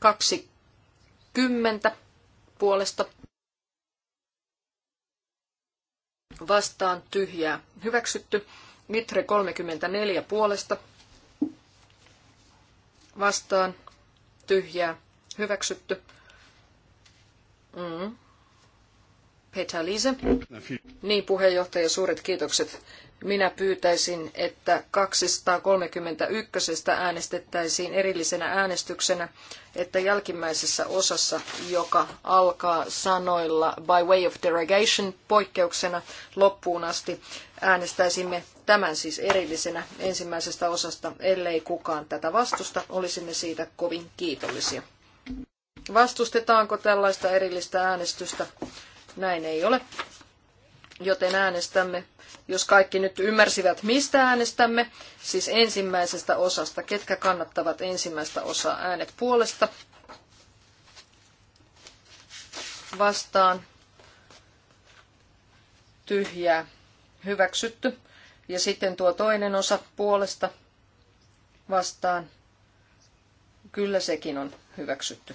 B: 20 puolesta vastaan tyhjää hyväksytty. Mitre 34 puolesta vastaan tyhjää hyväksytty. Mm. Peter Liese. Niin, puheenjohtaja, suuret kiitokset. Minä pyytäisin, että 231 äänestettäisiin erillisenä äänestyksenä, että jälkimmäisessä osassa, joka alkaa sanoilla by way of derogation poikkeuksena loppuun asti, äänestäisimme tämän siis erillisenä ensimmäisestä osasta, ellei kukaan tätä vastusta, olisimme siitä kovin kiitollisia. Vastustetaanko tällaista erillistä äänestystä? Näin ei ole. Joten äänestämme, jos kaikki nyt ymmärsivät, mistä äänestämme, siis ensimmäisestä osasta, ketkä kannattavat ensimmäistä osaa äänet puolesta, vastaan, tyhjää, hyväksytty. Ja sitten tuo toinen osa puolesta vastaan, kyllä sekin on hyväksytty.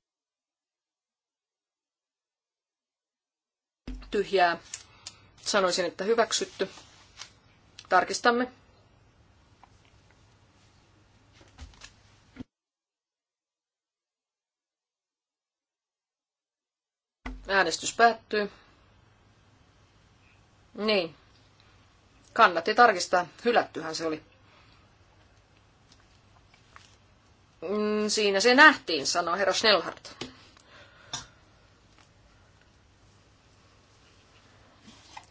B: tyhjää. Sanoisin, että hyväksytty. Tarkistamme. Äänestys päättyy. Niin. Kannatti tarkistaa. Hylättyhän se oli. Mm, siinä se nähtiin, sanoi herra Schnellhardt.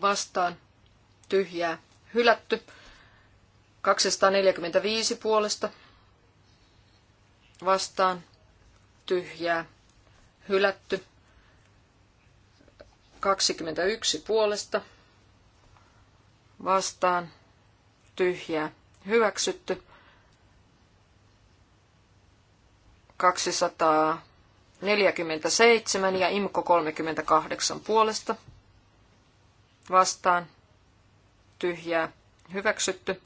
B: vastaan tyhjää hylätty. 245 puolesta vastaan tyhjää hylätty. 21 puolesta vastaan tyhjää hyväksytty. 247 ja IMKO 38 puolesta vastaan tyhjää hyväksytty.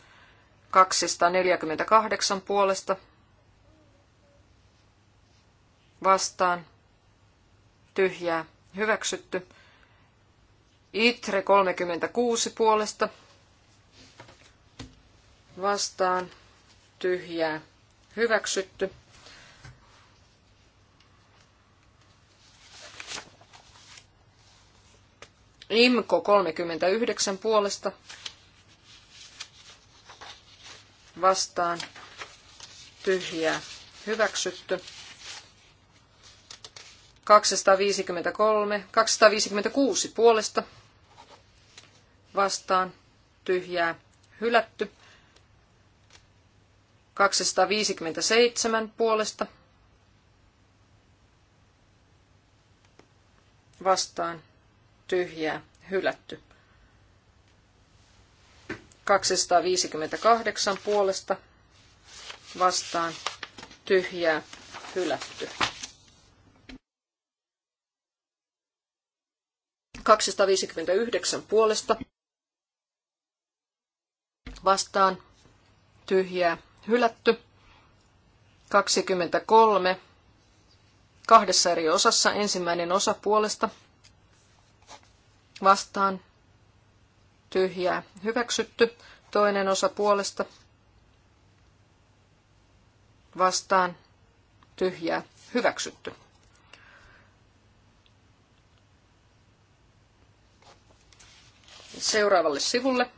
B: 248 puolesta vastaan tyhjää hyväksytty. Itre 36 puolesta vastaan tyhjää hyväksytty. Imko 39 puolesta vastaan tyhjää hyväksytty. 253, 256 puolesta vastaan tyhjää hylätty. 257 puolesta vastaan tyhjää, hylätty. 258 puolesta vastaan tyhjää, hylätty. 259 puolesta vastaan tyhjää, hylätty. 23 kahdessa eri osassa ensimmäinen osa puolesta vastaan tyhjää hyväksytty. Toinen osa puolesta vastaan tyhjää hyväksytty. Seuraavalle sivulle.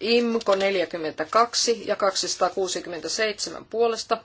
B: IMKO 42 ja 267 puolesta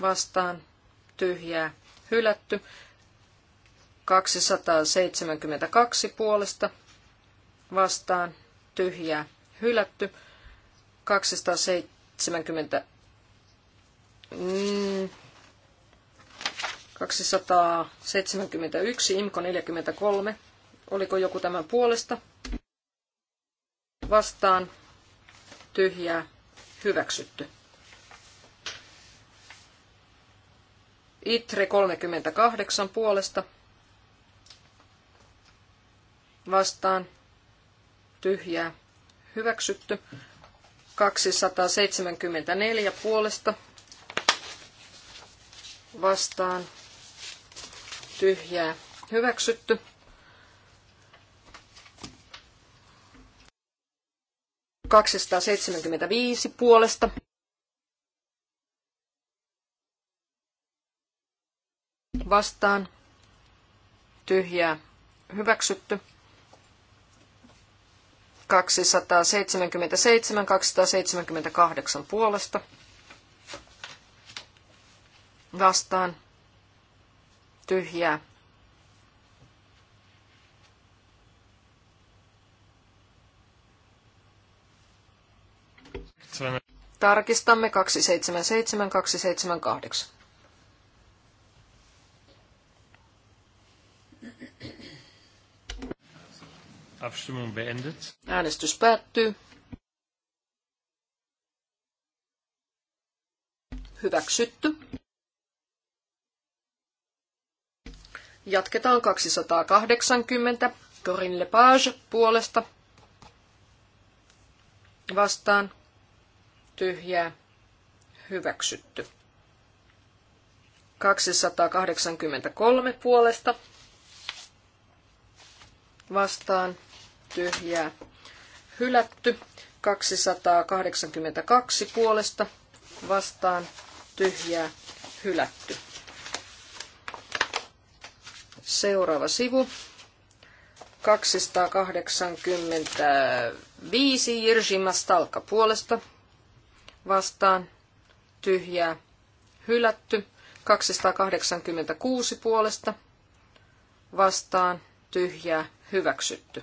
B: vastaan tyhjää hylätty. 272 puolesta vastaan tyhjää hylätty. 270 mm, 271 imko 43 oliko joku tämän puolesta vastaan tyhjää hyväksytty. ITRE 38 puolesta vastaan tyhjää hyväksytty. 274 puolesta vastaan tyhjää hyväksytty. Kaksisataaseitsemänkymmentäviisi puolesta vastaan tyhjää hyväksytty. 277, 278 puolesta vastaan tyhjää Tarkistamme 277, 278.
A: Abstimmung beendet. Äänestys
B: päättyy. Hyväksytty. Jatketaan 280. Corinne Lepage puolesta. Vastaan. Tyhjää. Hyväksytty. 283 puolesta. Vastaan tyhjää hylätty. 282 puolesta vastaan tyhjää hylätty. Seuraava sivu. 285 Jirjima Stalka puolesta vastaan tyhjää hylätty. 286 puolesta vastaan tyhjää hyväksytty.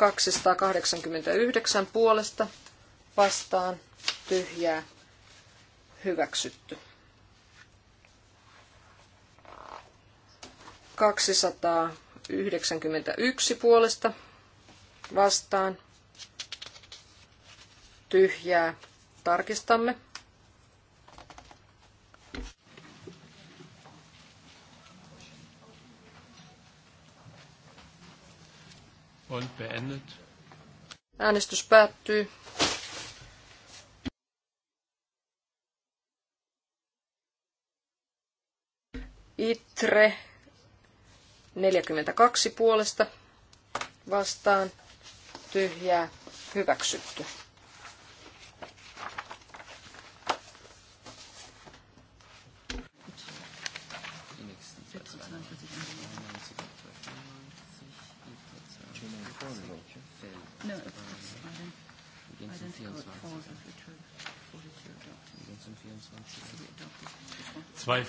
B: 289 puolesta vastaan tyhjää hyväksytty. 291 puolesta vastaan tyhjää tarkistamme.
A: Und beendet.
B: Äänestys päättyy. Itre 42 puolesta vastaan tyhjää hyväksytty.
A: No, of course. I don't, I don't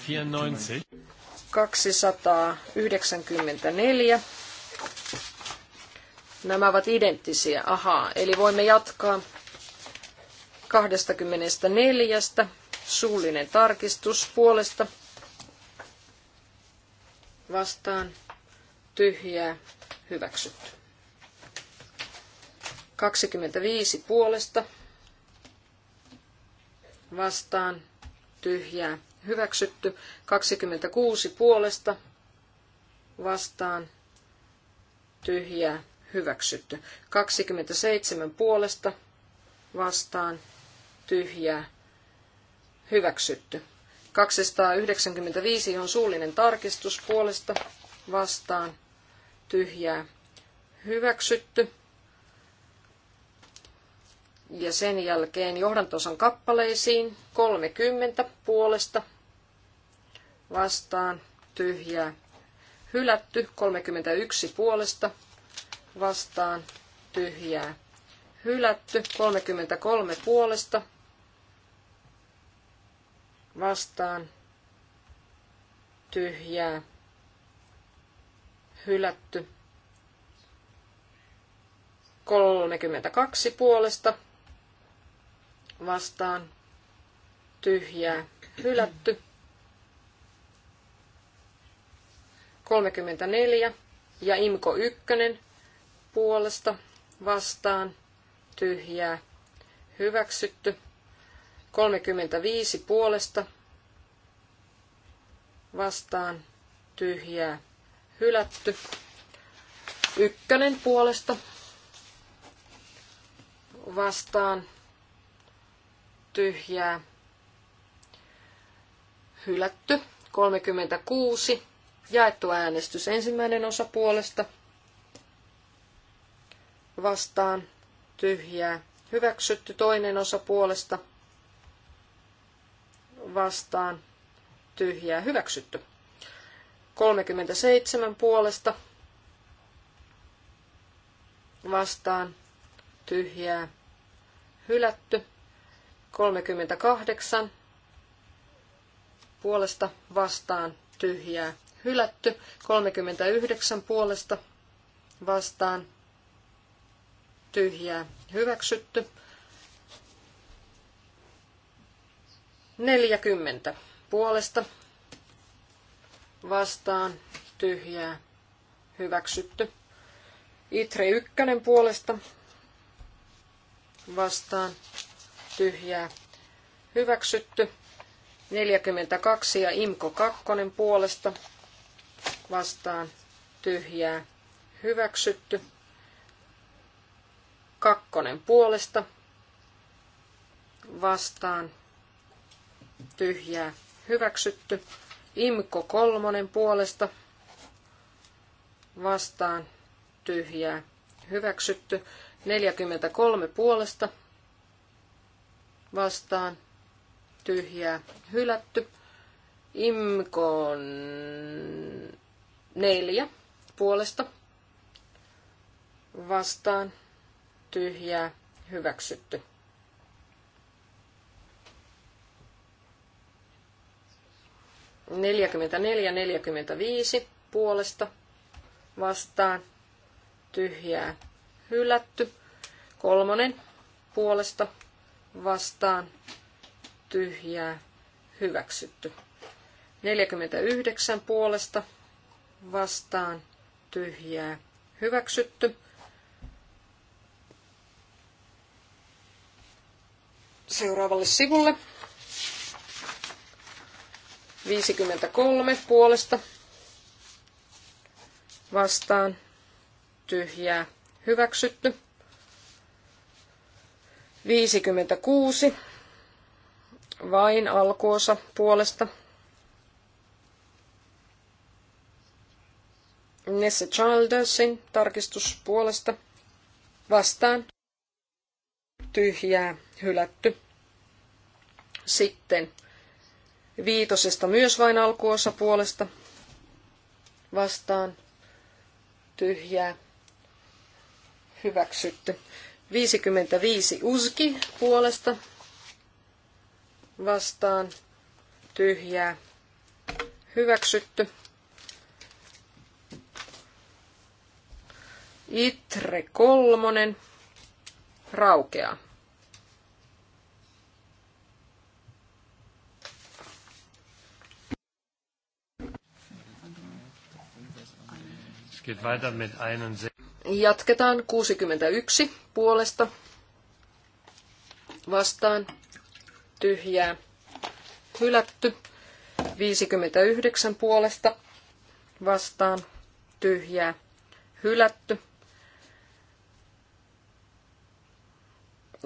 D: think
B: 294. 294. Nämä ovat identtisiä. Ahaa, eli voimme jatkaa 24. Suullinen tarkistus puolesta. Vastaan tyhjää hyväksytty. 25 puolesta vastaan tyhjää hyväksytty. 26 puolesta vastaan tyhjää hyväksytty. 27 puolesta vastaan tyhjää hyväksytty. 295 on suullinen tarkistus puolesta vastaan tyhjää hyväksytty. Ja sen jälkeen johdantosan kappaleisiin 30 puolesta vastaan tyhjää hylätty, 31 puolesta vastaan tyhjää hylätty, 33 puolesta vastaan tyhjää hylätty, 32 puolesta vastaan tyhjää hylätty. 34 ja Imko 1 puolesta vastaan tyhjää hyväksytty. 35 puolesta vastaan tyhjää hylätty. Ykkönen puolesta vastaan tyhjää hylätty. 36 jaettu äänestys ensimmäinen osa puolesta vastaan tyhjää hyväksytty toinen osa puolesta vastaan tyhjää hyväksytty. 37 puolesta vastaan tyhjää hylätty. 38 puolesta vastaan tyhjää hylätty. 39 puolesta vastaan tyhjää hyväksytty. 40 puolesta vastaan tyhjää hyväksytty. Itre ykkönen puolesta vastaan tyhjää hyväksytty. 42 ja Imko 2 puolesta vastaan tyhjää hyväksytty. Kakkonen puolesta vastaan tyhjää hyväksytty. Imko kolmonen puolesta vastaan tyhjää hyväksytty. 43 puolesta vastaan tyhjää hylätty. Imkon neljä puolesta vastaan tyhjää hyväksytty. neljäkymmentä viisi puolesta vastaan tyhjää hylätty. Kolmonen puolesta vastaan tyhjää hyväksytty. 49 puolesta vastaan tyhjää hyväksytty. Seuraavalle sivulle. 53 puolesta vastaan tyhjää hyväksytty. 56 vain alkuosa puolesta. Nessa Childersin tarkistus puolesta vastaan tyhjää hylätty. Sitten viitosesta myös vain alkuosa puolesta vastaan tyhjää hyväksytty. 55 uski puolesta vastaan tyhjää hyväksytty. Itre kolmonen raukeaa. Jatketaan 61 puolesta vastaan tyhjää hylätty. 59 puolesta vastaan tyhjää hylätty.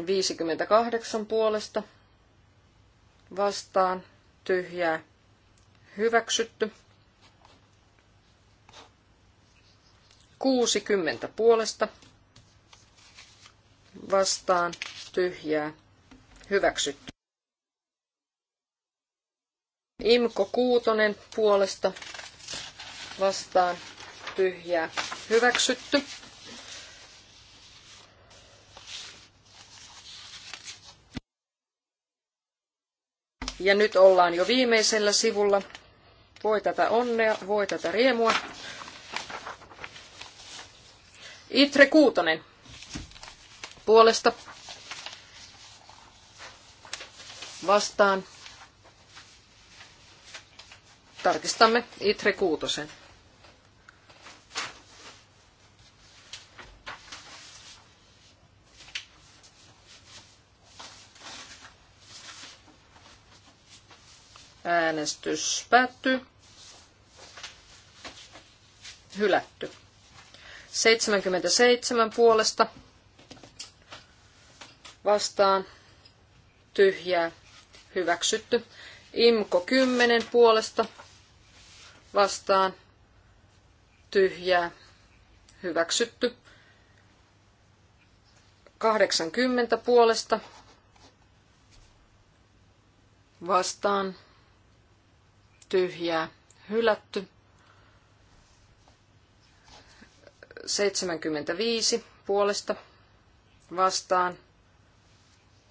B: 58 puolesta vastaan tyhjää hyväksytty. 60 puolesta vastaan tyhjää hyväksytty. Imko Kuutonen puolesta vastaan tyhjää hyväksytty. Ja nyt ollaan jo viimeisellä sivulla. Voi tätä onnea, voi tätä riemua. Itre Kuutonen puolesta vastaan. Tarkistamme Itre Kuutosen. Äänestys päättyy. Hylätty. 77 puolesta vastaan tyhjää hyväksytty. Imko 10 puolesta vastaan tyhjää hyväksytty. 80 puolesta vastaan tyhjää hylätty. 75 puolesta vastaan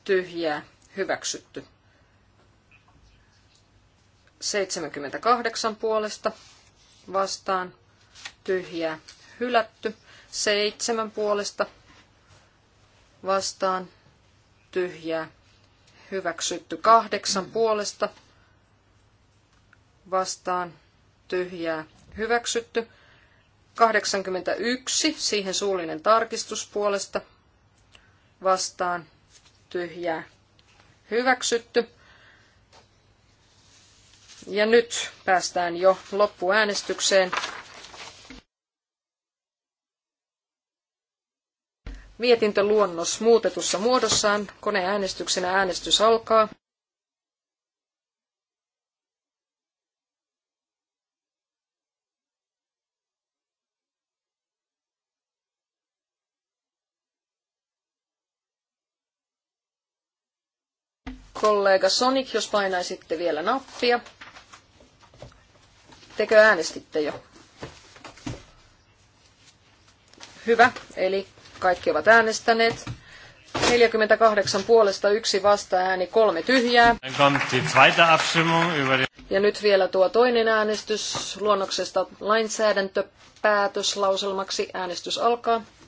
B: tyhjää hyväksytty. 78 puolesta vastaan tyhjää hylätty. 7 puolesta vastaan tyhjää hyväksytty. 8 puolesta vastaan tyhjää hyväksytty. 81 siihen suullinen tarkistus puolesta vastaan tyhjää hyväksytty. Ja nyt päästään jo loppuäänestykseen. Mietintöluonnos muutetussa muodossaan. Koneäänestyksenä äänestys alkaa. kollega Sonic, jos painaisitte vielä nappia. Tekö äänestitte jo? Hyvä, eli kaikki ovat äänestäneet. 48 puolesta yksi vastaääni, kolme tyhjää. Ja nyt vielä tuo toinen äänestys luonnoksesta lainsäädäntöpäätöslauselmaksi. Äänestys alkaa.